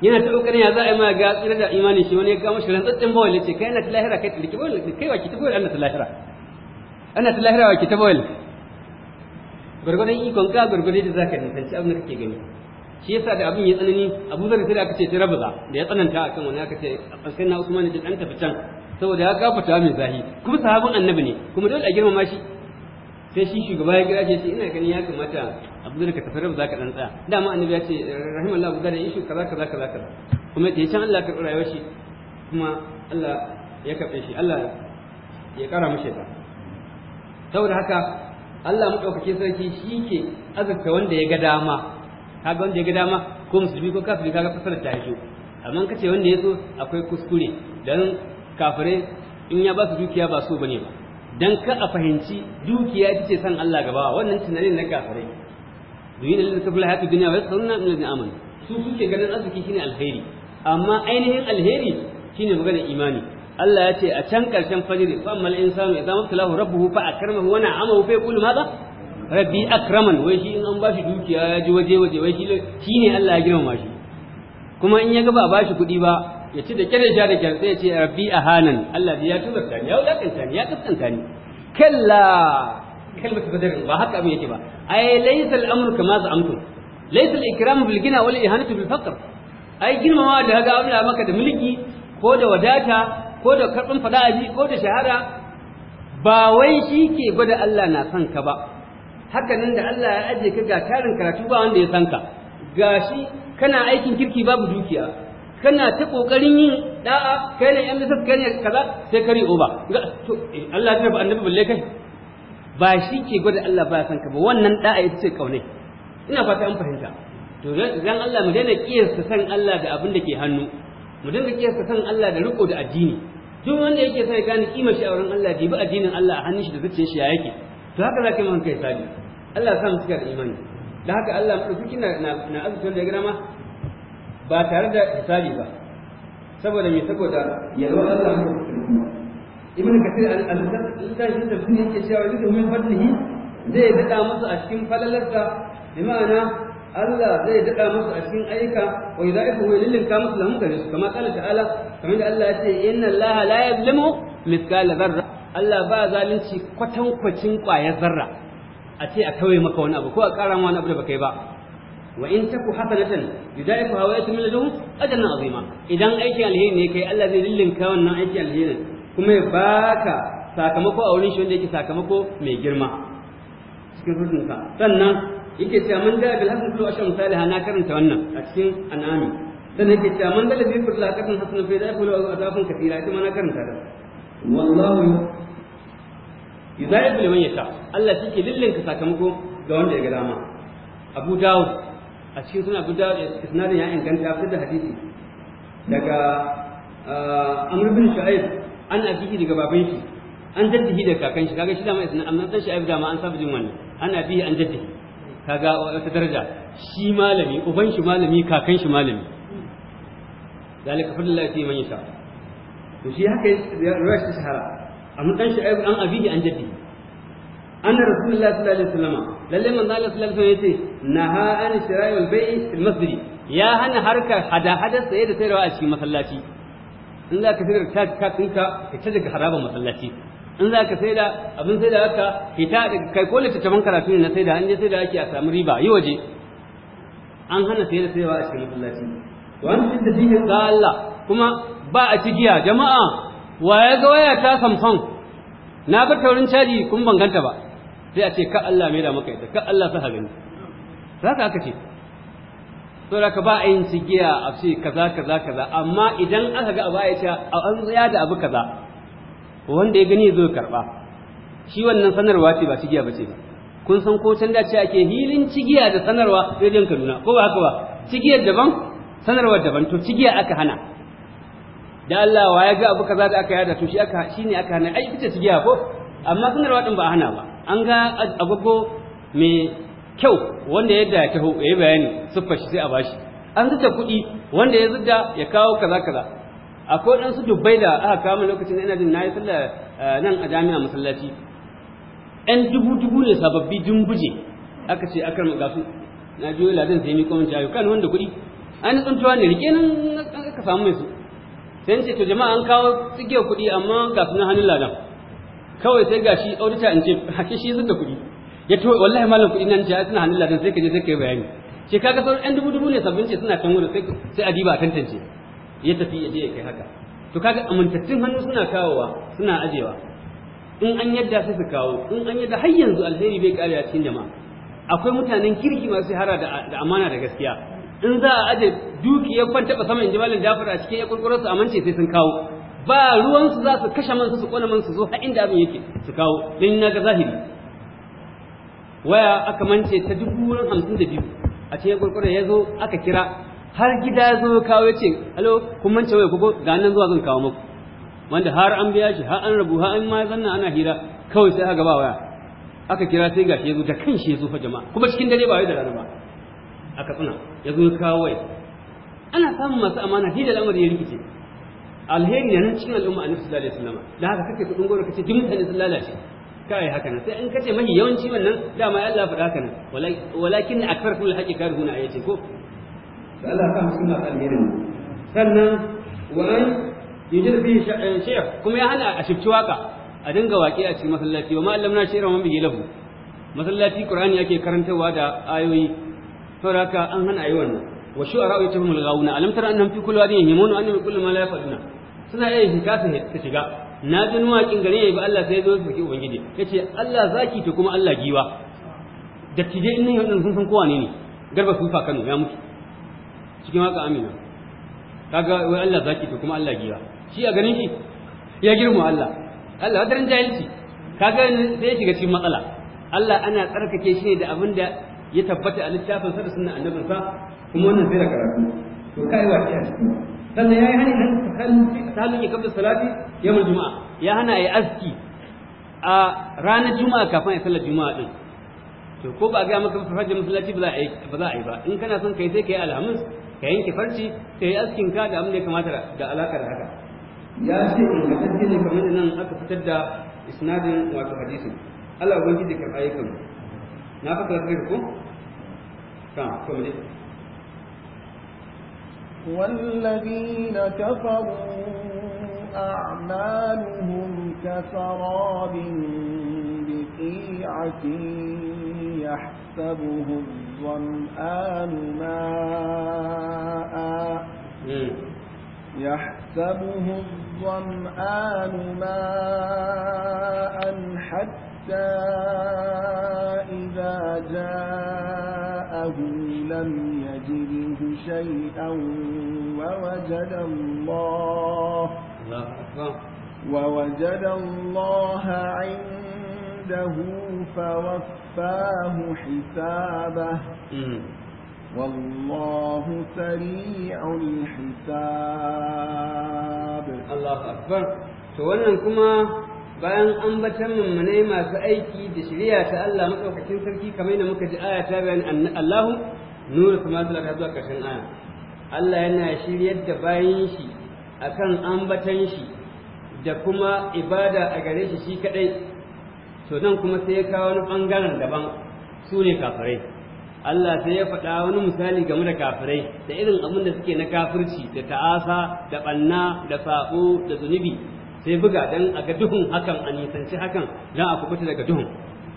B: yana ta kokarin ya za a yi ma ga tsira da imanin shi wani ya kama shi rantsaccen bawal ya ce kai na ta lahira kai tilki bawal kai wa ki ta bawal ana tilahira lahira ana ta lahira wa ki ta bawal gwargwadon ikon ka gwargwadon da ka nisanci abin da kake gani shi yasa da abin ya tsanani Abu Zar sai aka ce ta rabaza da ya tsananta akan wani aka ce tsakanin na Usman da an tafi can saboda ya gafata mai zahi kuma sahabin annabi ne kuma dole a girmama shi sai shi shugaba ya kira ce ina gani ya kamata abdul ka tafi rabu za ka tsaya dama annabi ya ce rahimallahu abu zara shi kaza kaza kaza kaza kuma ta can Allah ya karɓi rayuwar shi kuma Allah ya kafe shi Allah ya ƙara mu shaita saboda haka Allah mu ɗaukake sarki shi ke azurta wanda ya ga dama kaga wanda ya ga dama ko musulmi ko kafiri kaga fasalar ta haihu amma kace wanda ya so akwai kuskure dan kafirai in ya ba su dukiya ba so bane ba dan ka a fahimci dukiya ita ce san Allah gaba wannan tunanin na duniya da ta tafla hatu duniya wa sunna min alladhina amanu su suke ganin arziki shine alheri amma ainihin alheri shine maganar imani Allah ya ce a can karshen fajiri fa mal insanu idan mabtalahu rabbuhu fa akramahu wa na'amahu fa yaqulu madha rabbi akraman wai shi in an bashi dukiya ya ji waje waje wai shi shine Allah ya girmama shi kuma in ya ga ba a bashi kuɗi ba ya ci da kyale ja da kyale sai ya ce rabbi ahanan Allah ya tuzurta ni ya wulakanta ni ya kaskanta ni kalla kalmatu badrin ba haka abin yake ba ai laysa al-amru kama za'amtum laysa al Ikram bil gina wal ihanatu bil faqr ai girmama da haga Allah maka da mulki ko da wadata ko da karbin fadaji ko da shahara ba wai shi ke gwada Allah na son ka ba haka nan da Allah ya aje ka ga tarin karatu ba wanda ya san ka gashi kana aikin kirki babu dukiya kana ta kokarin yin da'a kai ne yan misas kai ne kaza sai kari oba to eh, Allah ya tafi annabi balle kai ba shi ke gwada Allah ba san ka ba wannan da'a ita ce kaune ina fata an fahimta to dan Allah mu daina kiyasta san Allah da abin da ke hannu mu daina kiyasta san Allah da riko da addini duk wanda yake sai gane kima shi a wurin Allah ba addinin Allah a hannun shi da zuciya shi ya yake to haka zaka yi mun kai sabi Allah ya sa mu cika da imani da haka Allah mu dauki na na azkar da ya gama ba tare da hisabi ba saboda me saboda yalwar Allah ne ibnu kathir al-tafsir tafsir yake cewa duk min fadlihi zai dada musu a cikin falalarsa bi ma'ana Allah zai daɗa musu a cikin ayyuka wa idza ifu lilin ka musu lamun gare su kamar kana ta'ala kamar da Allah ya ce inna Allah la yuzlimu mithqala zarra Allah ba zalunci kwatankwacin kwacin kwayar zarra a ce a kawai maka wani abu ko a ƙara ma wani abu da baka yi ba wa in taku hasanatan yudaifu hawayatu min ladun ajran azima idan aiki alheri ne kai Allah zai lillinka wannan aiki alheri kuma ya baka sakamako a wurin shi wanda yake sakamako mai girma cikin rukun ka sannan yake cewa man da bil hasan kullu asham salih karanta wannan a cikin anami sannan yake cewa man da bil kullu hasan hasan fi da kullu azafun kathira ita ma na karanta da wallahu yudaifu liman yasha Allah shi ke lillinka sakamako ga wanda ya ga dama Abu Dawud a cikin suna guda isnadin ya inganta fitar da hadisi daga eh, amur bin sha'ib an abihi daga baban shi an jaddihi da kakan shi kaga shi dama isnadin amma san shu'aib dama an saba jin wannan an abihi an jaddihi kaga wata daraja shi malami uban shi malami kakan shi malami dalika fadlullahi fi man yasha to shi haka shi shahara amma dan shu'aib an abihi an jaddihi anna rasulullahi sallallahu alaihi wasallam lalle manzo Allah sallallahu alaihi wasallam yace naha an shira'i ya hana harkar hada-hadar saye da sayarwa a cikin masallaci in za ka sayar da ka ɗinka daga harabar masallaci in za ka saida abin saida haka kai ko littattafan karatu na saida an je saida ake a samu riba yi waje an hana saye da sayarwa a cikin masallaci Allah kuma ba ci giya jama'a wa ya ga ta na ga taurin caji kun ban ganta ba sai a ce ka Allah mai da maka ita ka Allah sa gani haka aka ce da ka ba a yin cigiya a ce kaza kaza kaza amma idan aka ga abu ya ce an tsaya da abu kaza wanda ya gani zo karba shi wannan sanarwa ce ba cigiya ba ce ba kun san ko can da ce ake hilin cigiya da sanarwa rediyon kaduna ko ba haka ba cigiyar daban sanarwar daban to cigiya aka hana da Allah wa ya ga abu kaza da aka yada to shi aka shine aka hana ai fita cigiya ko amma sanarwa din ba hana ba an ga agogo mai kyau wanda yadda ya taho ya yi bayani siffar shi sai a bashi an zuta kuɗi wanda ya zuta ya kawo kaza kaza akwai ɗansu dubbai da aka kama lokacin ina jin na yi sallah eh, nan a jami'a masallaci ɗan dubu dubu ne sababbi dumbuje aka ce akar magasu na biyo ladan sai mi kuma jayo kan wanda kuɗi an tsuntuwa ne rike nan aka samu mai su sai ce to jama'a an kawo tsigiyar kuɗi amma ga na hannun ladan kawai sai gashi audita in ce hake shi zuga kuɗi ya to wallahi malam kuɗi nan ce suna hannun ladan sai ka je sai kai bayani ce kaga sauran ɗan dubu dubu ne sabbin ce suna can wurin sai sai adiba a tantance ya tafi ya je ya kai haka to kaga amintattun hannu suna kawowa suna ajewa in an yadda sai su kawo in an yadda har yanzu alheri bai kare a cikin jama'a akwai mutanen kirki masu hara da amana da gaskiya in za a aje dukiyar kwan taba sama in ji malam Jafar a cikin ya kurkurar su amince sai sun kawo ba ruwansu za su kashe man su kona man su zo har inda abin yake su kawo din na ga zahiri waya aka mance ta dubu wurin hamsin da biyu a cikin kurkuren ya zo aka kira har gida ya zo kawo ya ce alo kun mance waya kuko ga nan zuwa zan kawo muku wanda har an biya shi har an rabu har an ma zanna ana hira kawai sai aka ba waya aka kira sai gashi ya zo da kan shi ya zo fa jama'a kuma cikin dare ba wai da rana ba aka tsuna ya zo kawo waya ana samun masu amana hidda al'amari ya rikice alheri ne nan cikin al'umma annabi sallallahu alaihi wasallam da haka kake kudin goro kace duk sallallahu sun lalace kai haka nan sai in kace mahi yawanci wannan dama ya Allah faɗa haka nan walakin aktharul haqiqa huna ayati ko da Allah ka na alheri sannan wa an yujir bi shaykh eh, kuma ya hana a shifci waka a dinga waƙe a cikin masallaci wa ma'allamna allamna shi'ra man bihi lahu masallaci qur'ani yake karantawa da ayoyi saboda haka an hana ayi wannan wa shu'ara yatahumul gauna alam tara annahum fi kulli wadin yahmunu annahum kullu ma la yafaduna suna iya shiga su shiga na ji nuwakin ya yayi ba Allah sai zo su ki ubangiji yace Allah zaki ta kuma Allah giwa da tije in nan sun san kowa ne ne garba su fa Kano ya mutu cikin haka Amina kaga wai Allah zaki ta kuma Allah giwa shi a ganin shi ya girma Allah Allah wadarin jahilci kaga sai ya shiga cikin matsala Allah ana tsarkake shi ne da abin da ya tabbata a littafin sa da sunnan annabinsa kuma wannan sai da karatu to kai wa a cikin sannan ya yi hani nan ta hannun ya kabda salati yamul juma'a ya hana ya aski a ranar juma'a kafin ya sallar juma'a din to ko ba a gaya maka farfajin masallaci ba za a yi ba in kana son kai sai ka yi alhamis ka yanke farci ka yi askin ka da abin da ya kamata da alaƙa da haka
A: ya ce in ka
B: tafi ne kamar nan aka fitar da isnadin wato hadisin Allah ubangiji ka ayyukan na fata ka ko ta kuma
A: والذين كفروا أعمالهم كسراب بقيعة يحسبه الظمآن ماء يحسبه الظمآن ماء حتى إذا جاءه لم يعجله شيئا ووجد الله ووجد الله عنده فوفاه حسابه والله
B: سريع الحساب الله أكبر wannan kuma bayan mu mummunai masu aiki da shirya ta Allah maɗaukakin sarki kamar da muka ji aya ta bayan Allahu nuru samatul ardi zuwa karshen aya Allah yana shiryar da bayan shi akan ambatan shi da kuma ibada a gare shi shi kaɗai to nan kuma sai ya kawo wani bangaren daban su ne kafirai Allah sai ya faɗa wani misali game da kafirai da irin abin da suke na kafirci da ta'asa da ɓanna da saƙo da zunubi sai buga dan a ga duhun hakan a nisanci hakan za a kubuta daga duhun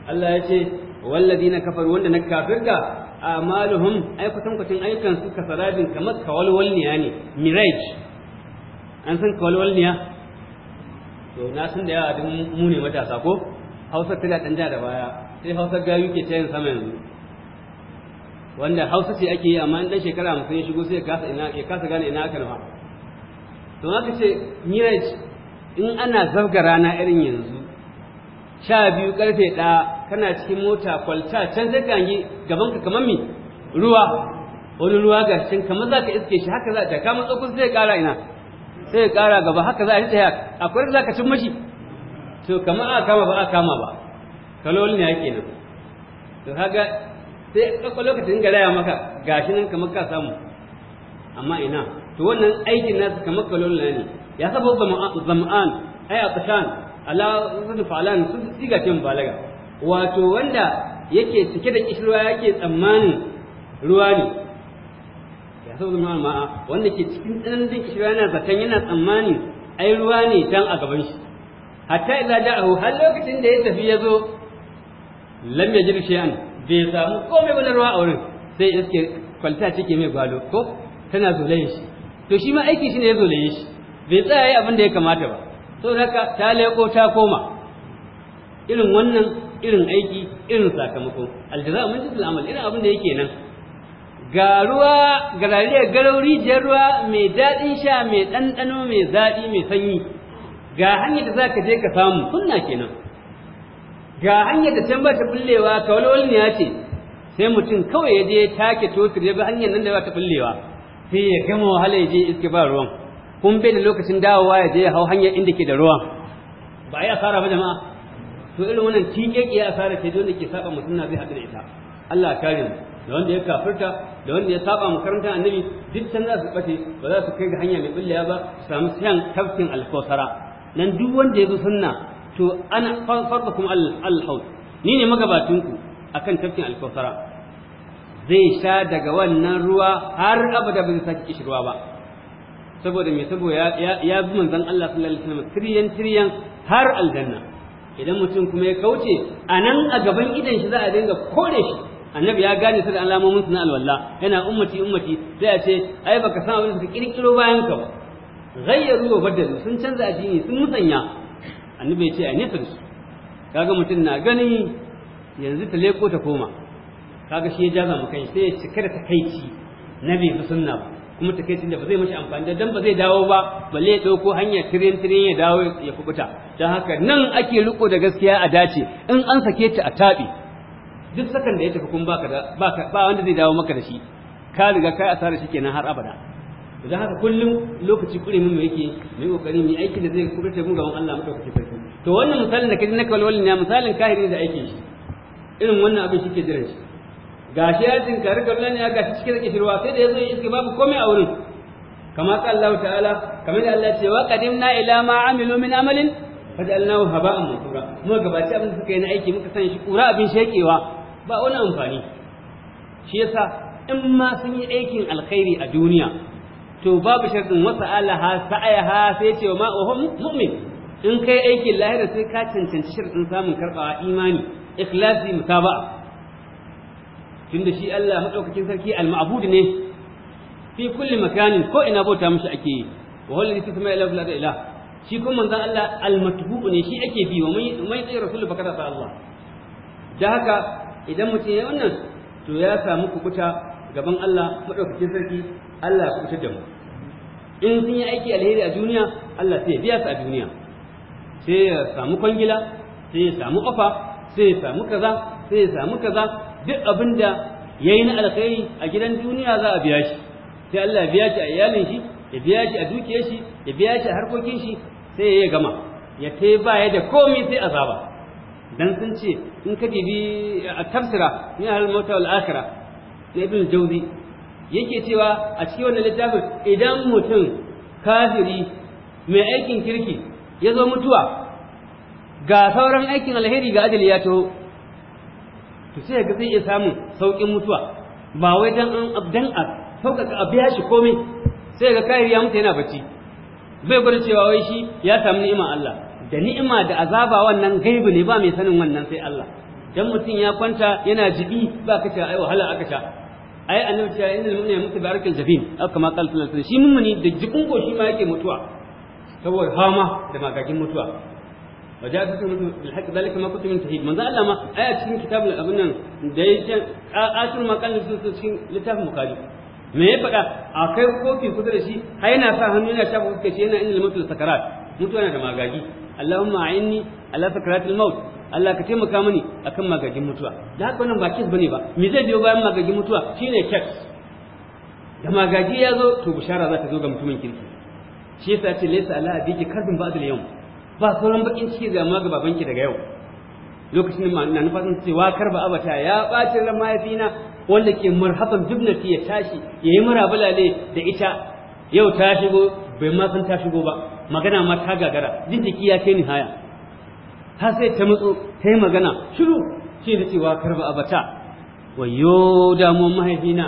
B: Allah ya ce wallazina kafaru wanda na kafirga amaluhum ai kusan kucin ayyukan su ka kamar kawalwalniya ne mirage an san kawalwalniya to na san da yawa din mu ne matasa ko hausa tana dan da da baya sai hausa yuke ke yin sama yanzu wanda hausa ce ake yi amma dan shekara 50 ya shigo sai ya kasa ina ya kasa gane ina aka nufa to haka ce mirage in ana zarga rana irin yanzu sha biyu karfe ɗaya kana cikin mota kwalta can sai ka hangi gaban ka kamar mi ruwa wani ruwa ga cikin kamar za ka iske shi haka za ta kama tsokun sai ya kara ina sai ya kara gaba haka za a yi tsaya akwai da za ka cin mashi to kamar a kama ba a kama ba kalolin ya nan to haka sai kakwa lokacin raya maka gashi nan kamar ka samu amma ina to wannan aikin nasu kamar kalolin ne ya saba zam'an ai a tashan ala zudu falan sun siga cin balaga wato wanda yake cike da kishirwa yake tsammanin ruwa ne ya sau zama ma'a wanda ke cikin tsananin kishirwa yana zaton yana tsammanin ai ruwa ne can a gaban shi hatta da a har lokacin da ya tafi ya zo lam shi an, bai samu komai ba ruwa a wurin sai iske kwalta cike mai gwalo ko tana zolaye shi to shi ma aiki shi ne ya zolaye shi bai tsaya yi abin da ya kamata ba saboda haka ta leko ta koma irin wannan irin aiki irin sakamako aljaza mun ji al'amal irin abin da yake nan ga ruwa ga garauri jar ruwa mai daɗin sha mai ɗanɗano mai zaɗi mai sanyi ga hanyar da zaka je ka samu kunna kenan ga hanyar da can ba ta bullewa kawalwal ya ce sai mutum kawai ya je take tosir ya hanyar nan da ba ta bullewa sai ya gama wahala ya je iske ba ruwan kun bai da lokacin dawowa ya je ya hau hanyar inda ke da ruwan ba ya asara ba jama'a to irin wannan tiƙeƙiya asara ce da ke saba mutum na zai haɗu da ita Allah kare mu da wanda ya kafirta da wanda ya saba makarantar annabi duk san za su bace ba za su kai ga hanya mai bullewa ba su samu shan tafkin alkausara nan duk wanda ya zo sunna to ana farfa kuma alhaus ni ne magabatinku akan tafkin alkausara zai sha daga wannan ruwa har abada bai saki kishi kishirwa ba saboda me saboda ya bi manzon Allah sallallahu alaihi wasallam tiryan tiryan har aljanna idan mutum kuma ya kauce a nan a gaban idan shi za a dinga kore shi annabi ya gane su da alamomin su na alwala yana ummati ummati sai a ce ai baka san abin da kirkiro bayan ka ba ghayyaru wa badalu sun canza addini sun musanya annabi ya ce a nisa su kaga mutum na gani yanzu ta leko ta koma kaga shi ya jaza mu kai sai ya cika da takaici na bai fi sunna kuma ta da ba zai mashi amfani da dan ba zai dawo ba balle ya dauko hanya tirin tirin ya dawo ya kubuta dan haka nan ake riko da gaskiya a dace in an sake ta a tabi duk sakan da ya tafi kun baka da baka ba wanda zai dawo maka da shi ka riga kai asara shikenan har abada dan haka kullum lokaci kure mun yake mu yi kokari mu aiki da zai kubuta mu gaban Allah muka kuke sarki to wannan misalin da kaji na kawalwalin ya misalin kahiri da aikin shi irin wannan abin shi ke jiran shi gashi ya tinkari kaduna ne gashi cikin da kishirwa sai da ya zo iska babu komai a wurin kama ka Allah ta'ala kamar da Allah ce wa kadim na ila ma amilu min amalin faj'alnahu haba'an mansura mu gabaci abin da suka yi na aiki muka san shi kura abin shekewa ba wani amfani shi yasa in ma sun yi aikin alkhairi a duniya to babu shartin wasa alaha sa'ayaha sai ce ma wa mu'min in kai aikin lahira sai ka cancanci shartin samun karbawa imani ikhlasi mutaba'a tunda shi Allah madaukakin sarki al-ma'bud ne fi kulli makanin ko ina bauta mishi ake yi wa huwa alladhi tasma ila la ilah shi kuma manzon Allah al-matbu ne shi ake bi wa mai tsaye rasul baka ta Allah da haka idan mutum ya wannan to ya samu kukuta gaban Allah madaukakin sarki Allah ya kukuta da mu in sun yi aiki alheri a duniya Allah sai ya biya su a duniya sai ya samu kwangila sai ya samu ofa sai ya samu kaza sai ya samu kaza duk abin da ya yi na alkhairi a gidan duniya za a biya shi sai Allah ya biya shi a iyalin shi ya biya shi a dukiyar shi ya biya shi a harkokin shi sai ya yi gama ya ta ba ya da komai sai azaba dan sun ce in ka bi a tafsira ni a mauta al'akira Na bin ibn yake cewa a cikin wannan littafin idan mutum kafiri mai aikin kirki ya zo mutuwa ga sauran aikin alheri ga ajali ya taho to sai ga zai iya samun sauƙin mutuwa ba wai dan an abdan a sauƙaƙa a biya shi komai sai ga kai ya mutu yana bacci bai gwada cewa wai shi ya samu ni'ima Allah da ni'ima da azaba wannan gaibu ne ba mai sanin wannan sai Allah dan mutum ya kwanta yana jibi ba ka ce ai wahala aka sha ai annabi ta inna mu'mina yamutu bi arkil jabin aka ma kalfin shi mummuni da jikun ko shi ma yake mutuwa saboda hama da magagin mutuwa وجاءت بالحق ذلك ما كنت من تهيد من ذا الله ما آية cikin kitab abin nan da yake asir makalin cikin littafin bukari me ya faɗa akai kofi kusa da shi har yana sa hannu yana shafa fuskar shi yana inda mutul sakarat mutuwa yana da magagi Allahumma a'inni ala sakaratil maut Allah ka taimaka mani akan magagin mutuwa da haka wannan ba kes bane ba me zai biyo bayan magagin mutuwa shine kes da magagi ya zo to bishara za ta zo ga mutumin kirki shi yasa ce laysa ala diki kadin ba'dal yau. ba sauran bakin ciki zai ma ga babanki daga yau lokacin da na nufasin cewa karba abata ya bacin ran mahaifina wanda ke marhaban jibnati ya tashi ya yi marabalale da ita yau ta shigo bai ma san ta shigo ba magana ma ta gagara jin jiki ya kai ni haya Ta sai ta matso ta yi magana shiru shi da cewa karba abata wayo damuwan mahaifina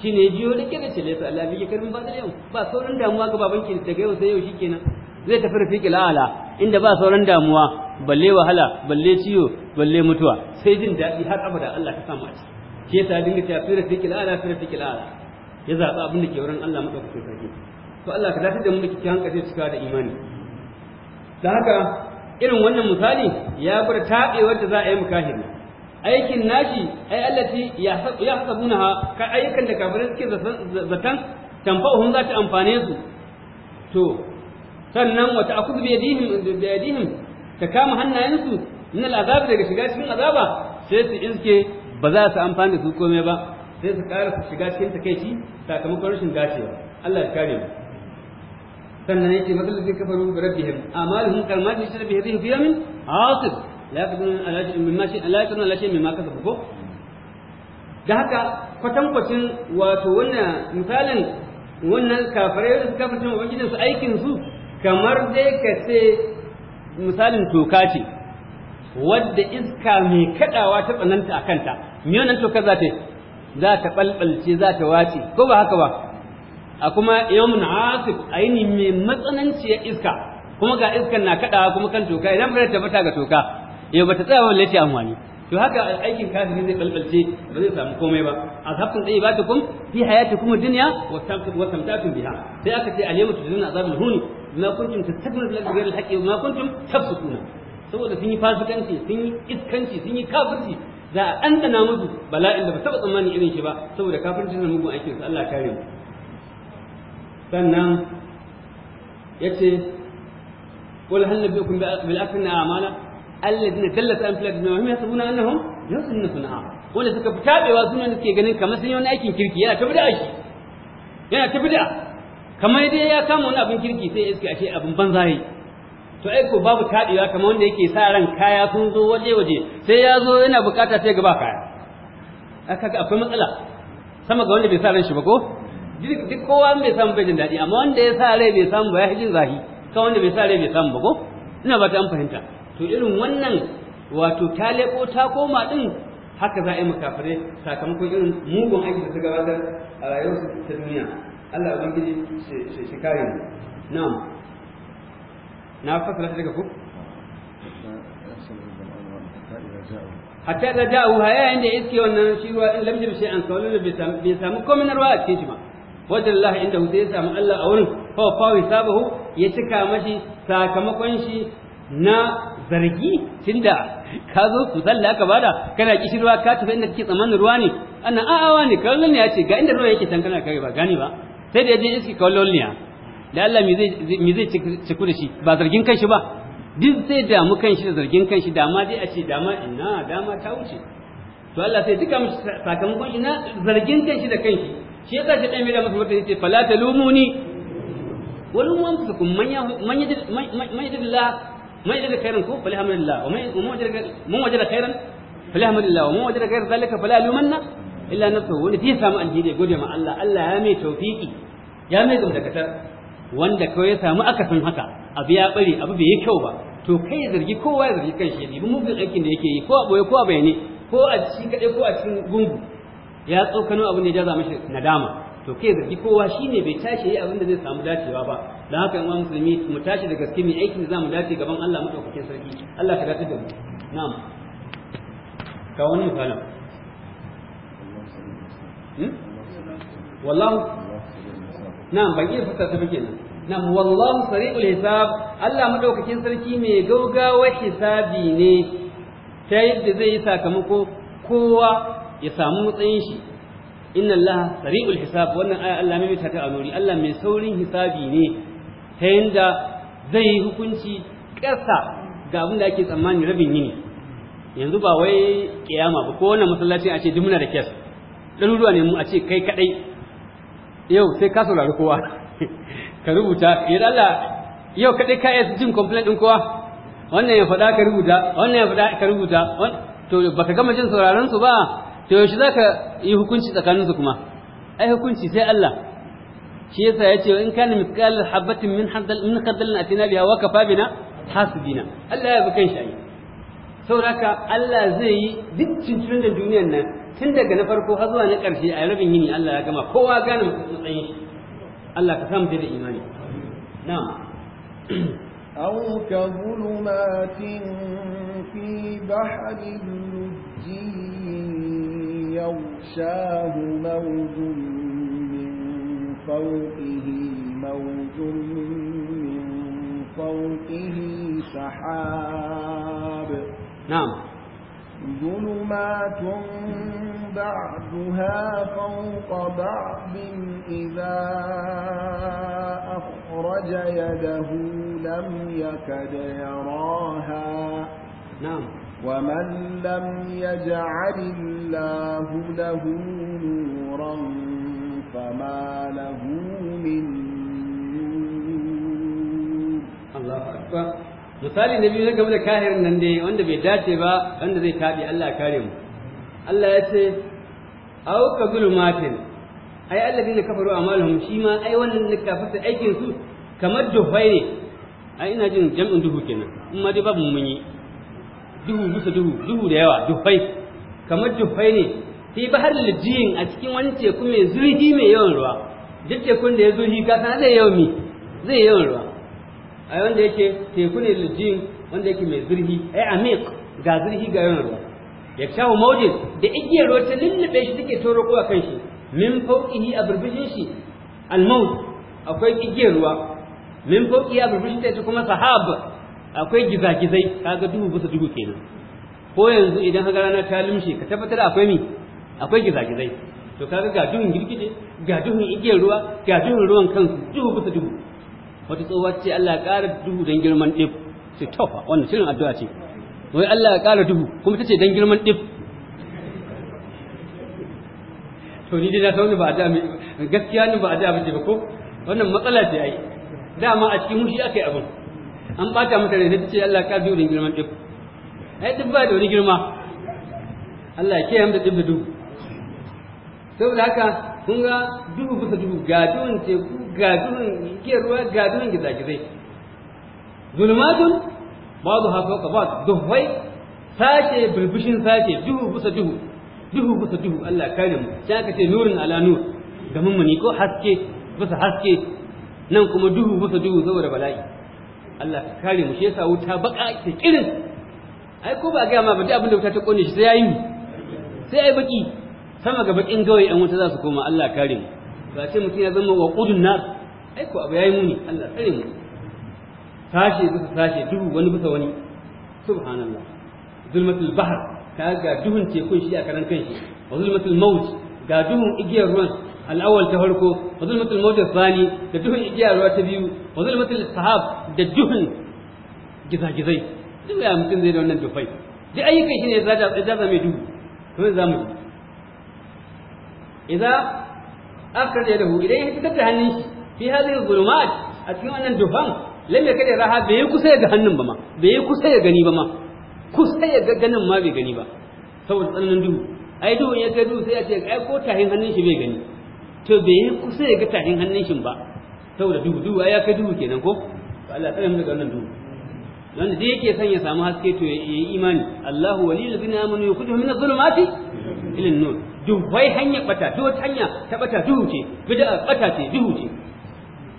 B: shi ne jiyo da kira ce lesa Allah bi karbin ba da yau ba sauran damuwa ga babanki daga yau sai yau shikenan zai tafi rafiqil la'ala, inda ba sauran damuwa balle wahala balle ciwo balle mutuwa sai jin daɗi har abada Allah ka samu a ci ke sa dinga cewa fi rafiqil la'ala fi rafiqil la'ala? ya zaɓa abin da ke wurin Allah madaukakin sarki to Allah ka dace da mu da kike hankali cika da imani da haka irin wannan misali ya bar taɓe wanda za a yi mukahiri aikin nashi ai allati ya hasabunaha ka ayyukan da kafirai suke zatan hun za ta amfane su to sannan wata akudu bi yadihim bi yadihim ta kama hannayensu min al'azab daga shiga cikin azaba sai su iske ba za su amfani da su komai ba sai su ƙara su shiga cikin takaici sakamakon rashin gashewa. Allah ya kare mu sannan yake matsalar zai kafaru bi rabbihim amaluhum kalmati sharabi hadhihi fi yamin asif la yakunu ala shay'in mimma shay'in la yakunu ala shay'in mimma kasabu ko da haka kwatankwacin wato wannan misalin wannan kafirai su kafircin ubangijinsu aikin su kamar dai ka ce misalin toka ce wadda iska mai kadawa ta tsananta a kanta miyonan toka za ta za ta balbalce za ta wace ko ba haka ba a kuma na asif ainihin mai matsananciyar iska kuma ga iskan na kadawa kuma kan toka idan ba ta fata ga toka yau ba ta tsaya wa lati amfani to haka aikin kafiri zai balbalce ba zai samu komai ba A ba ta tayyibatukum fi kuma duniya wa tamtatu biha sai aka ce da yawma a azabul huni ma kuntum tastakbiruna bil ghairi al haqqi wa ma kuntum tafsukuna saboda sun yi fasikanci sun yi iskanci sun yi kafirci za a ɗanɗana musu bala'in da ba taɓa tsammanin irin shi ba saboda kafircin da mugun aikinsu Allah kare mu sannan ya ce wal hal nabiyukum bil akna a'mala alladhina dallat an filad dunya hum yasbuna annahum yusunnu sun'a wanda suka fi tabewa sunan ke ganin kamar sun wani aikin kirki yana ta yana ta kamar dai ya kama wani abin kirki sai ya iske ashe abin banza yi to aiko ko babu taɗewa kamar wanda yake sa ran kaya sun zo waje waje sai ya zo yana bukata sai gaba kaya aka ga akwai matsala sama ga wanda bai sa ran shi ba ko duk kowa bai samu bai jin daɗi amma wanda ya sa rai bai samu ba ya jin zahi kan wanda bai sa rai bai samu ba ko ina ba ta an fahimta to irin wannan wato ta leko ta koma din haka za a yi makafirai sakamakon irin mugun aiki da ta gabatar a rayuwarsu ta duniya Allah ubangiji shi kare mu na'am na fasara daga ku hatta da ja'u haya inda iske wannan shi ruwa in lamjin shi an da bai samu komai na ruwa a cikin shi ba wajen Allah inda hudu ya samu Allah a wurin fa fa sabahu ya cika mashi sakamakon shi na zargi tunda ka zo su zalla aka bada kana kishirwa ka tafi inda kake tsammanin ruwa ne ana a'awa ne kallon ne ya ce ga inda ruwa yake tankana kai ba gani ba sai da ya je iski koloniya da Allah me zai ciku da shi ba zargin kanshi ba duk da damu kanshi da zargin kanshi dama dai a ce dama ina dama ta wuce to Allah sai duka mishi sakamakon ina zargin kanshi da kanshi shi yasa shi dan mai da masa mutunci ce fala talumuni wal mumsukum man yajid man yajid Allah fala lumanna illa nafsuhu wani zai samu aljini ya gode ma Allah Allah ya mai tawfiki ya mai gamdakatar wanda kawai ya samu akasin haka abu ya bare abu bai yi kyau ba to kai zargi kowa ya zargi shi ya mu mugun aikin da yake yi ko a boye ko a bayane ko a cikin kaɗai ko a cikin gungu ya tsokano abin da ya jaza mashi nadama to kai zargi kowa shi ne bai tashi yi abin da zai samu dacewa ba Don haka in musulmi mu tashi da gaske mai aikin da za mu dace gaban Allah ɗaukakin sarki Allah ka dace da mu na'am ka wani Hmm? wallahu na'am ban iya fassara ta kenan na'am wallahu sari'ul hisab Allah madaukakin sarki mai gaugawa hisabi ne ta yadda zai yi sakamako kowa ya samu matsayin shi inna Allah sari'ul hisab wannan aya Allah mai ta a nuri Allah mai saurin hisabi ne ta yadda zai yi hukunci ƙasa ga abin da ake tsammani rabin yini yanzu ba wai kiyama ba ko wannan masallacin a ce duk muna da kes ɗaruruwa ne mu a ce kai kaɗai yau sai ka saurari kowa ka rubuta ya Allah yau kaɗai ka yi jin complaint ɗin kowa wannan ya faɗa ka rubuta wannan ya faɗa ka rubuta to baka gama jin sauraron su ba to yaushe ka yi hukunci tsakaninsu kuma ai hukunci sai Allah shi yasa ya ce in kana mithqal habatin min hadal min khardal atina biha wa kafa bina hasibina Allah ya bi kan shi saboda Allah zai yi duk cincirin da duniyar nan tun daga na farko har zuwa na ƙarshe a rabin yini Allah ya gama kowa gane matsayin shi Allah ka samu da imani na'am
A: أو كظلمات في بحر لجي يغشاه موج من فوقه موج من فوقه سحاب نعم ظلمات بعضها فوق بعض إذا أخرج يده لم يكد يراها نعم ومن لم يجعل الله له نورا فما له
B: من نور الله أكبر misali na biyu na game da kahirin nan dai wanda bai dace ba wanda zai taɓi Allah kare mu Allah ya ce auka zulumatin ai alladina kafaru amalhum shi ma ai wannan da kafata aikin su kamar dufai ne ai ina jin jam'in duhu kenan in ma dai babu mun yi duhu bisa duhu duhu da yawa dufai kamar dufai ne fi bahar lijiyin a cikin wani teku mai zurhi mai yawan ruwa duk tekun da ya zurhi ka san zai yawan mi zai yawan ruwa ai wanda yake teku ne lijin wanda yake mai zurhi ai amiq ga zurhi ga yawan ruwa ya shawo maujin da igiyar ruwa ta lullube shi take toro ko kan shi min fauqihi a burbushin shi almaut akwai igiyar ruwa min fauqihi a burbushin ta kuma sahab akwai gizagizai kaga dubu bisa dubu kenan ko yanzu idan ka rana ta lumshe ka tabbatar akwai mi akwai gizagizai to kaga ga duhun girgije ga duhun igiyar ruwa ga duhun ruwan kansu duhu bisa dubu. wata tsohuwa ce Allah ya ƙara duhu don girman ɗif ce tofa wannan shirin addu'a ce wai Allah ya ƙara duhu kuma ta ce don girman ɗif to ni dai na san ba a da gaskiya ni ba a da ba ba ko wannan matsala ce ai dama a cikin mushi aka yi abin an ɓata mata ne ta ce Allah ya ƙara duhu don girman ɗif ai ɗif ba da wani girma Allah ya kiyaye da ɗif da duhu saboda haka kun ga duhu bisa duhu ga duhun teku gadurin igiyar ruwa gadurin gizagizai zulmatun ba'du hafa ka ba duhwai sace birbishin sace duhu busa duhu duhu busa duhu Allah kare mu sai aka ce nurin ala nur ga mummuni ko haske busa haske nan kuma duhu busa duhu saboda bala'i Allah ka kare mu shi yasa wuta baka ke kirin ai ko ba ga ma ba duk abin da wuta ta kone shi sai yayi sai ai baki sama ga bakin gawayi an wuta za su koma Allah kare mu ba ce mutum ya zama wa ƙudun na aiko abu ya yi muni Allah tsare mu sashe bisa sashe duhu wani bisa wani subhanallah zulmatul bahar ka ga duhun tekun shi a karan kanshi wa zulmatul ga duhun igiyar ruwan ta farko wa zulmatul da duhun igiyar ruwa ta biyu wa zulmatul sahab da duhun gizagizai duk ya mutum zai da wannan dufai duk ayyukan shi ne ya zaza mai duhu za mu akhar yadahu idan ya fitar da hannun shi fi hadhihi zulumat a cikin wannan dufan lam yakad raha bai kusa ga hannun ba ma bai kusa ya gani ba ma kusa ya ga ganin ma bai gani ba saboda tsananin duhu ai duhu ya kai duhu sai ya ce ai ko tahin hannun shi bai gani to bai kusa ya ga tahin hannun shi ba saboda duhu duhu ai ya kai duhu kenan ko to Allah tsare mu daga wannan duhu wanda da yake son ya samu haske to ya yi imani Allahu waliyul ladina amanu yukhrijuhum min adh-dhulumati ila an-nur duhu wai hanyar bata duk wata hanya ta bata duhu ce bid'a bata ce duhu ce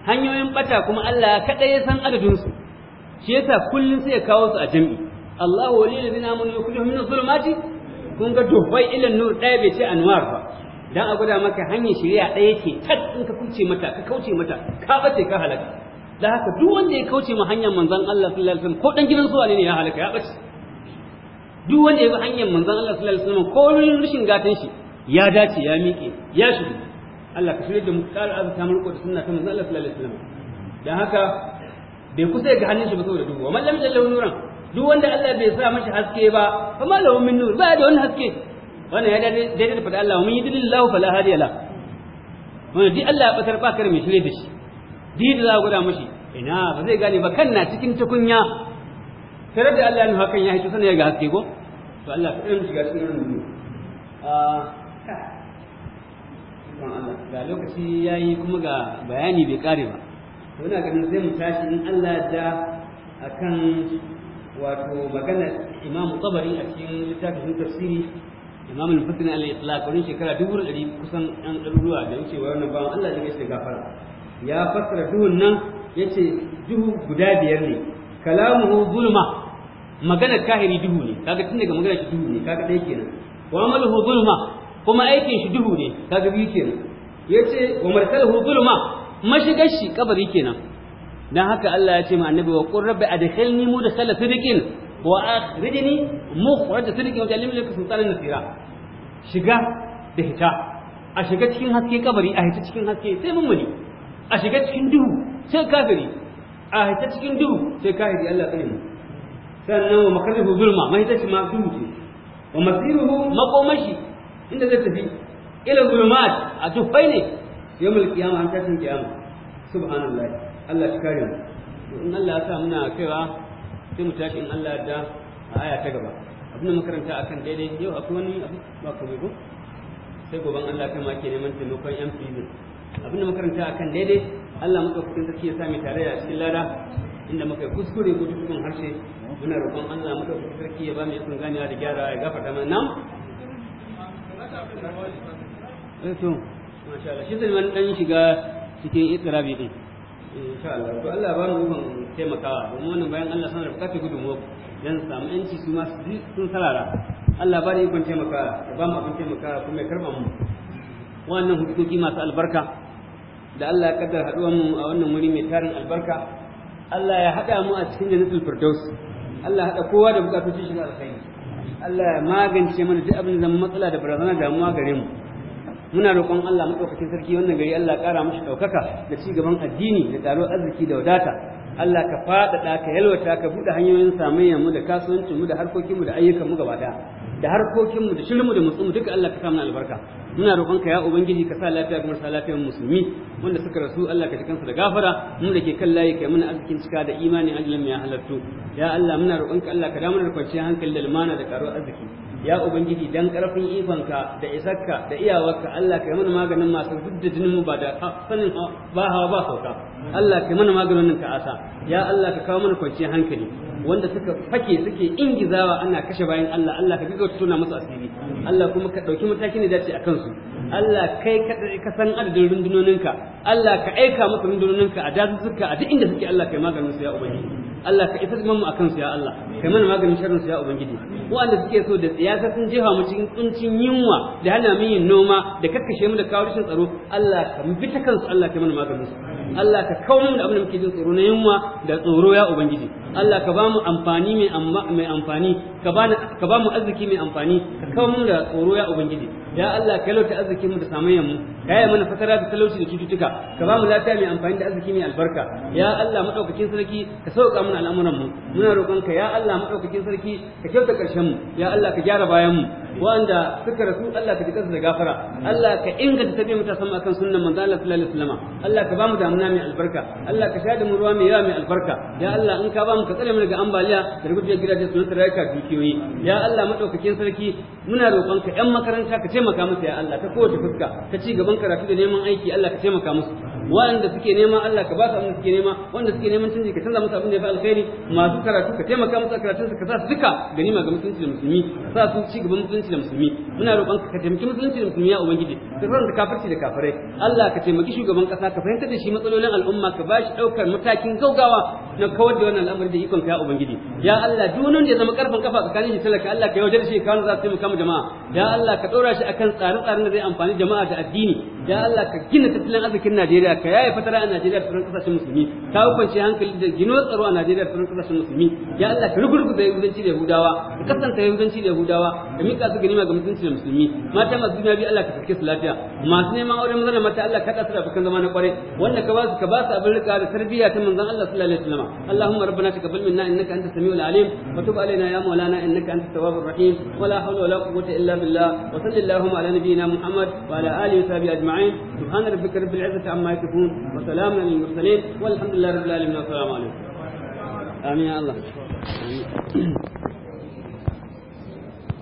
B: hanyoyin bata kuma Allah kadai ya san adadin su shi yasa kullun sai ya kawo su a jami'i Allahu wali ladina amanu yukhrijuhum min zulumati kun ga duhwai ilan nur ɗaya bai ce anwar ba dan a guda maka hanyar shari'a ɗaya ce tad in ka kuce mata ka kauce mata ka bace ka halaka dan haka duk wanda ya kauce ma hanyar manzon Allah sallallahu alaihi wasallam ko dan gidan suwa ne ya halaka ya bace duk wanda ya bi hanyar manzon Allah sallallahu alaihi wasallam ko rashin gatan shi ya dace ya miƙe ya shigo Allah ka shirya da mu ƙara azata mu riko da sunna ta manzon Allah sallallahu alaihi wasallam dan haka bai kusa ga hannun shi ba saboda duhu amma lam jallahu nuran duk wanda Allah bai sa mashi haske ba fa malahu min nur ba da wani haske wannan ya daidai da fada Allah mun yi lahu fala hadiya la wannan duk Allah ya batar ba kar mai shirya da shi duk da za guda gwada mashi ina ba zai gane ba kan na cikin tukunya tare da Allah ya hakan kan ya hito sanaya ya ga haske ko to Allah ka ɗan shiga cikin irin a ah, ga lokaci yayi kuma ga bayani bai kare ba to ina ganin zai mu tashi in Allah da akan wato Imam a cikin littafin tafsiri al shekara dubu ɗari kusan ɗan ɗaruruwa da wuce bawan Allah ya ce gafara ya fassara duhun nan yace duhu guda biyar ne kalamuhu zulma maganar kahiri duhu ne kaga daga maganar duhu ne kaga ɗaya kenan wa amaluhu zulma kuma aikin shi duhu ne kaga biyu kenan Ya ce wa marsaluhu Ma mashigar shi kabari kenan don haka Allah ya ce ma annabi wa qur rabbi a da Sallar sidqin wa akhrijni mukhraj wajen wa jallimni laka na nasira shiga da hita a shiga cikin haske kabari a hita cikin haske sai mummuni a shiga cikin duhu sai kafiri a hita cikin duhu sai kafiri Allah ya mu sannan wa makarrihu zulma mahita shi ma duhu ce wa masiruhu makomashi inda zai tafi ila zulumat a tufai ne yawmul qiyama an tashin kiyama subhanallahi Allah ya kare mu in Allah ya sa muna kaiwa sai mu tashi in Allah ya da a aya ta gaba abin makaranta akan daidai yau akwai wani abu ba ko ko sai goban Allah kai ma ke neman taimakon yan fizin abin makaranta akan daidai Allah muka kusin sarki ya sami tare a cikin lada inda muka yi kuskure ko dukkan harshe muna roƙon Allah muka kusin sarki ya ba mu yakin ganewa da gyara ya gafarta mana Eh, to masha Allah shi zai man dan shiga cikin itirabi din insha Allah to Allah ba mu ban taimakawa domin wannan bayan Allah sanar da bukatar gudunmuwa dan samu yanci su ma sun sarara Allah ba da ikon taimakawa ya ba mu abin taimakawa kuma ya karba mu wannan hukumoki masu albarka da Allah ya kaddara haduwar mu a wannan wuri mai tarin albarka Allah ya hada mu a cikin jannatul firdaus Allah ya hada kowa da bukatun shi da alkhairi Allah ya magance mana duk abin zama matsala da barazana damuwa gare mu muna roƙon Allah madaukakin sarki wannan gari Allah ƙara mashi ɗaukaka da ci gaban addini da tsaro arziki da wadata Allah ka faɗaɗa ka yalwata ka buɗe hanyoyin samayya mu da kasuwancin mu da harkokin mu da ayyukan mu gaba ɗaya da harkokinmu da shirinmu da mutsumu duka Allah ka sa mana albarka muna roƙonka ya ubangiji ka sa lafiya kuma lafiyar musulmi wanda suka rasu Allah ka ji kansu da gafara mu da ke kan layi kai muna arzikin cika da imani ajalin mai halattu ya Allah muna roƙonka Allah ka da mana kwanciyar hankali da lumana da karo arziki ya ubangiji dan karfin ikonka da isakka da iyawarka Allah kai mana maganin masu duk jinin mu ba da sanin ba hawa ba sauka Allah kai mana maganin ka asa ya Allah ka kawo mana kwanciyar hankali wanda suka fake suke ingizawa ana kashe bayan Allah Allah ka gizo tuna musu asiri Allah kuma ka dauki matakin da dace akan su Allah kai ka san adadin rundunoninka Allah ka aika musu rundunoninka a dazuzzuka a duk inda suke Allah kai maganin su ya ubangiji Allah ka isa mu a kansu ya Allah kai mana maganin sharrin ya ubangiji waɗanda suke so da siyasa sun jefa mu cikin tsuncin yunwa da hana mu yin noma da kakkashe mu da kawo rashin tsaro Allah ka bi ta kansu Allah kai mana maganin Allah ka kawo mu da abin da muke jin tsoro na yunwa da tsoro ya ubangiji Allah ka ba mu mai amfani ka arziki mai amfani ka kawo mu da tsoro ya ubangiji ya Allah ka lauta arziki mu da samayyan mu ka mana fatara da talauci da cututtuka ka ba mu lafiya mai amfani da arziki mai albarka ya Allah madaukakin sarki ka sauka mana al'amuran mu muna roƙon ka ya Allah madaukakin sarki ka kyauta karshen mu ya Allah ka gyara bayan mu wanda suka rasu Allah ka jikarsu da gafara Allah ka inganta tabi mu ta sama akan sunnan manzo Allah sallallahu alaihi wasallam Allah ka ba mu damuna mai albarka Allah ka sha da mu ruwa mai yawa mai albarka ya Allah in ka ba mu ka tsare mu daga ambaliya da rubutun gidaje sun tsare ka dukiyoyi ya Allah madaukakin sarki muna roƙon ka ƴan makaranta ka ce taimaka musu ya Allah ta kowace fuska ta ci gaban karatu da neman aiki Allah ka taimaka musu waɗanda suke nema Allah ka ba su abin da suke nema waɗanda suke neman canji ka canza musu abin da ya fi alkhairi masu karatu ka taimaka musu a karatun ka sa su duka ganima ga musulunci da musulmi sa su ci gaban musulunci da musulmi muna roƙon ka taimaki musulunci da musulmi ya ubangiji ka san da kafirci da kafirai Allah ka taimaki shugaban ƙasa ka fahimtar da shi matsalolin al'umma ka ba shi ɗaukar matakin gaugawa na kawar da wannan al'amari da ikon ka ya ubangiji ya Allah duk wanda ya zama karfin kafa tsakanin shi talaka Allah ka yaudar shi ka wani za su taimaka mu jama'a ya Allah ka ɗora shi akan tsare-tsaren da zai amfani jama'a da addini da Allah ka gina tattalin arzikin Najeriya ka yaye fatara a Najeriya sauran kasashen musulmi ka hukunci hankali da gino tsaro a Najeriya sauran kasashen musulmi ya Allah ka rugurgu da yahudanci da Yahudawa ka kasanta yahudanci da Yahudawa ka mika su ganima ga musulunci da musulmi mata masu juna biyu Allah ka su lafiya masu neman aure maza da mata Allah ka da su da zama na wanda ka ba su ka ba su abin rika da tarbiyya ta manzon Allah sallallahu alaihi wasallam Allahumma rabbana taqabbal minna innaka antas samiul alim wa tub alaina ya maulana innaka antat tawwabur rahim wala hawla wala quwwata illa billah wa sallallahu اللهم على نبينا محمد وعلى اله وصحبه اجمعين سبحان ربك رب العزه عما يصفون وسلام على المرسلين والحمد لله رب العالمين والسلام عليكم امين يا
A: الله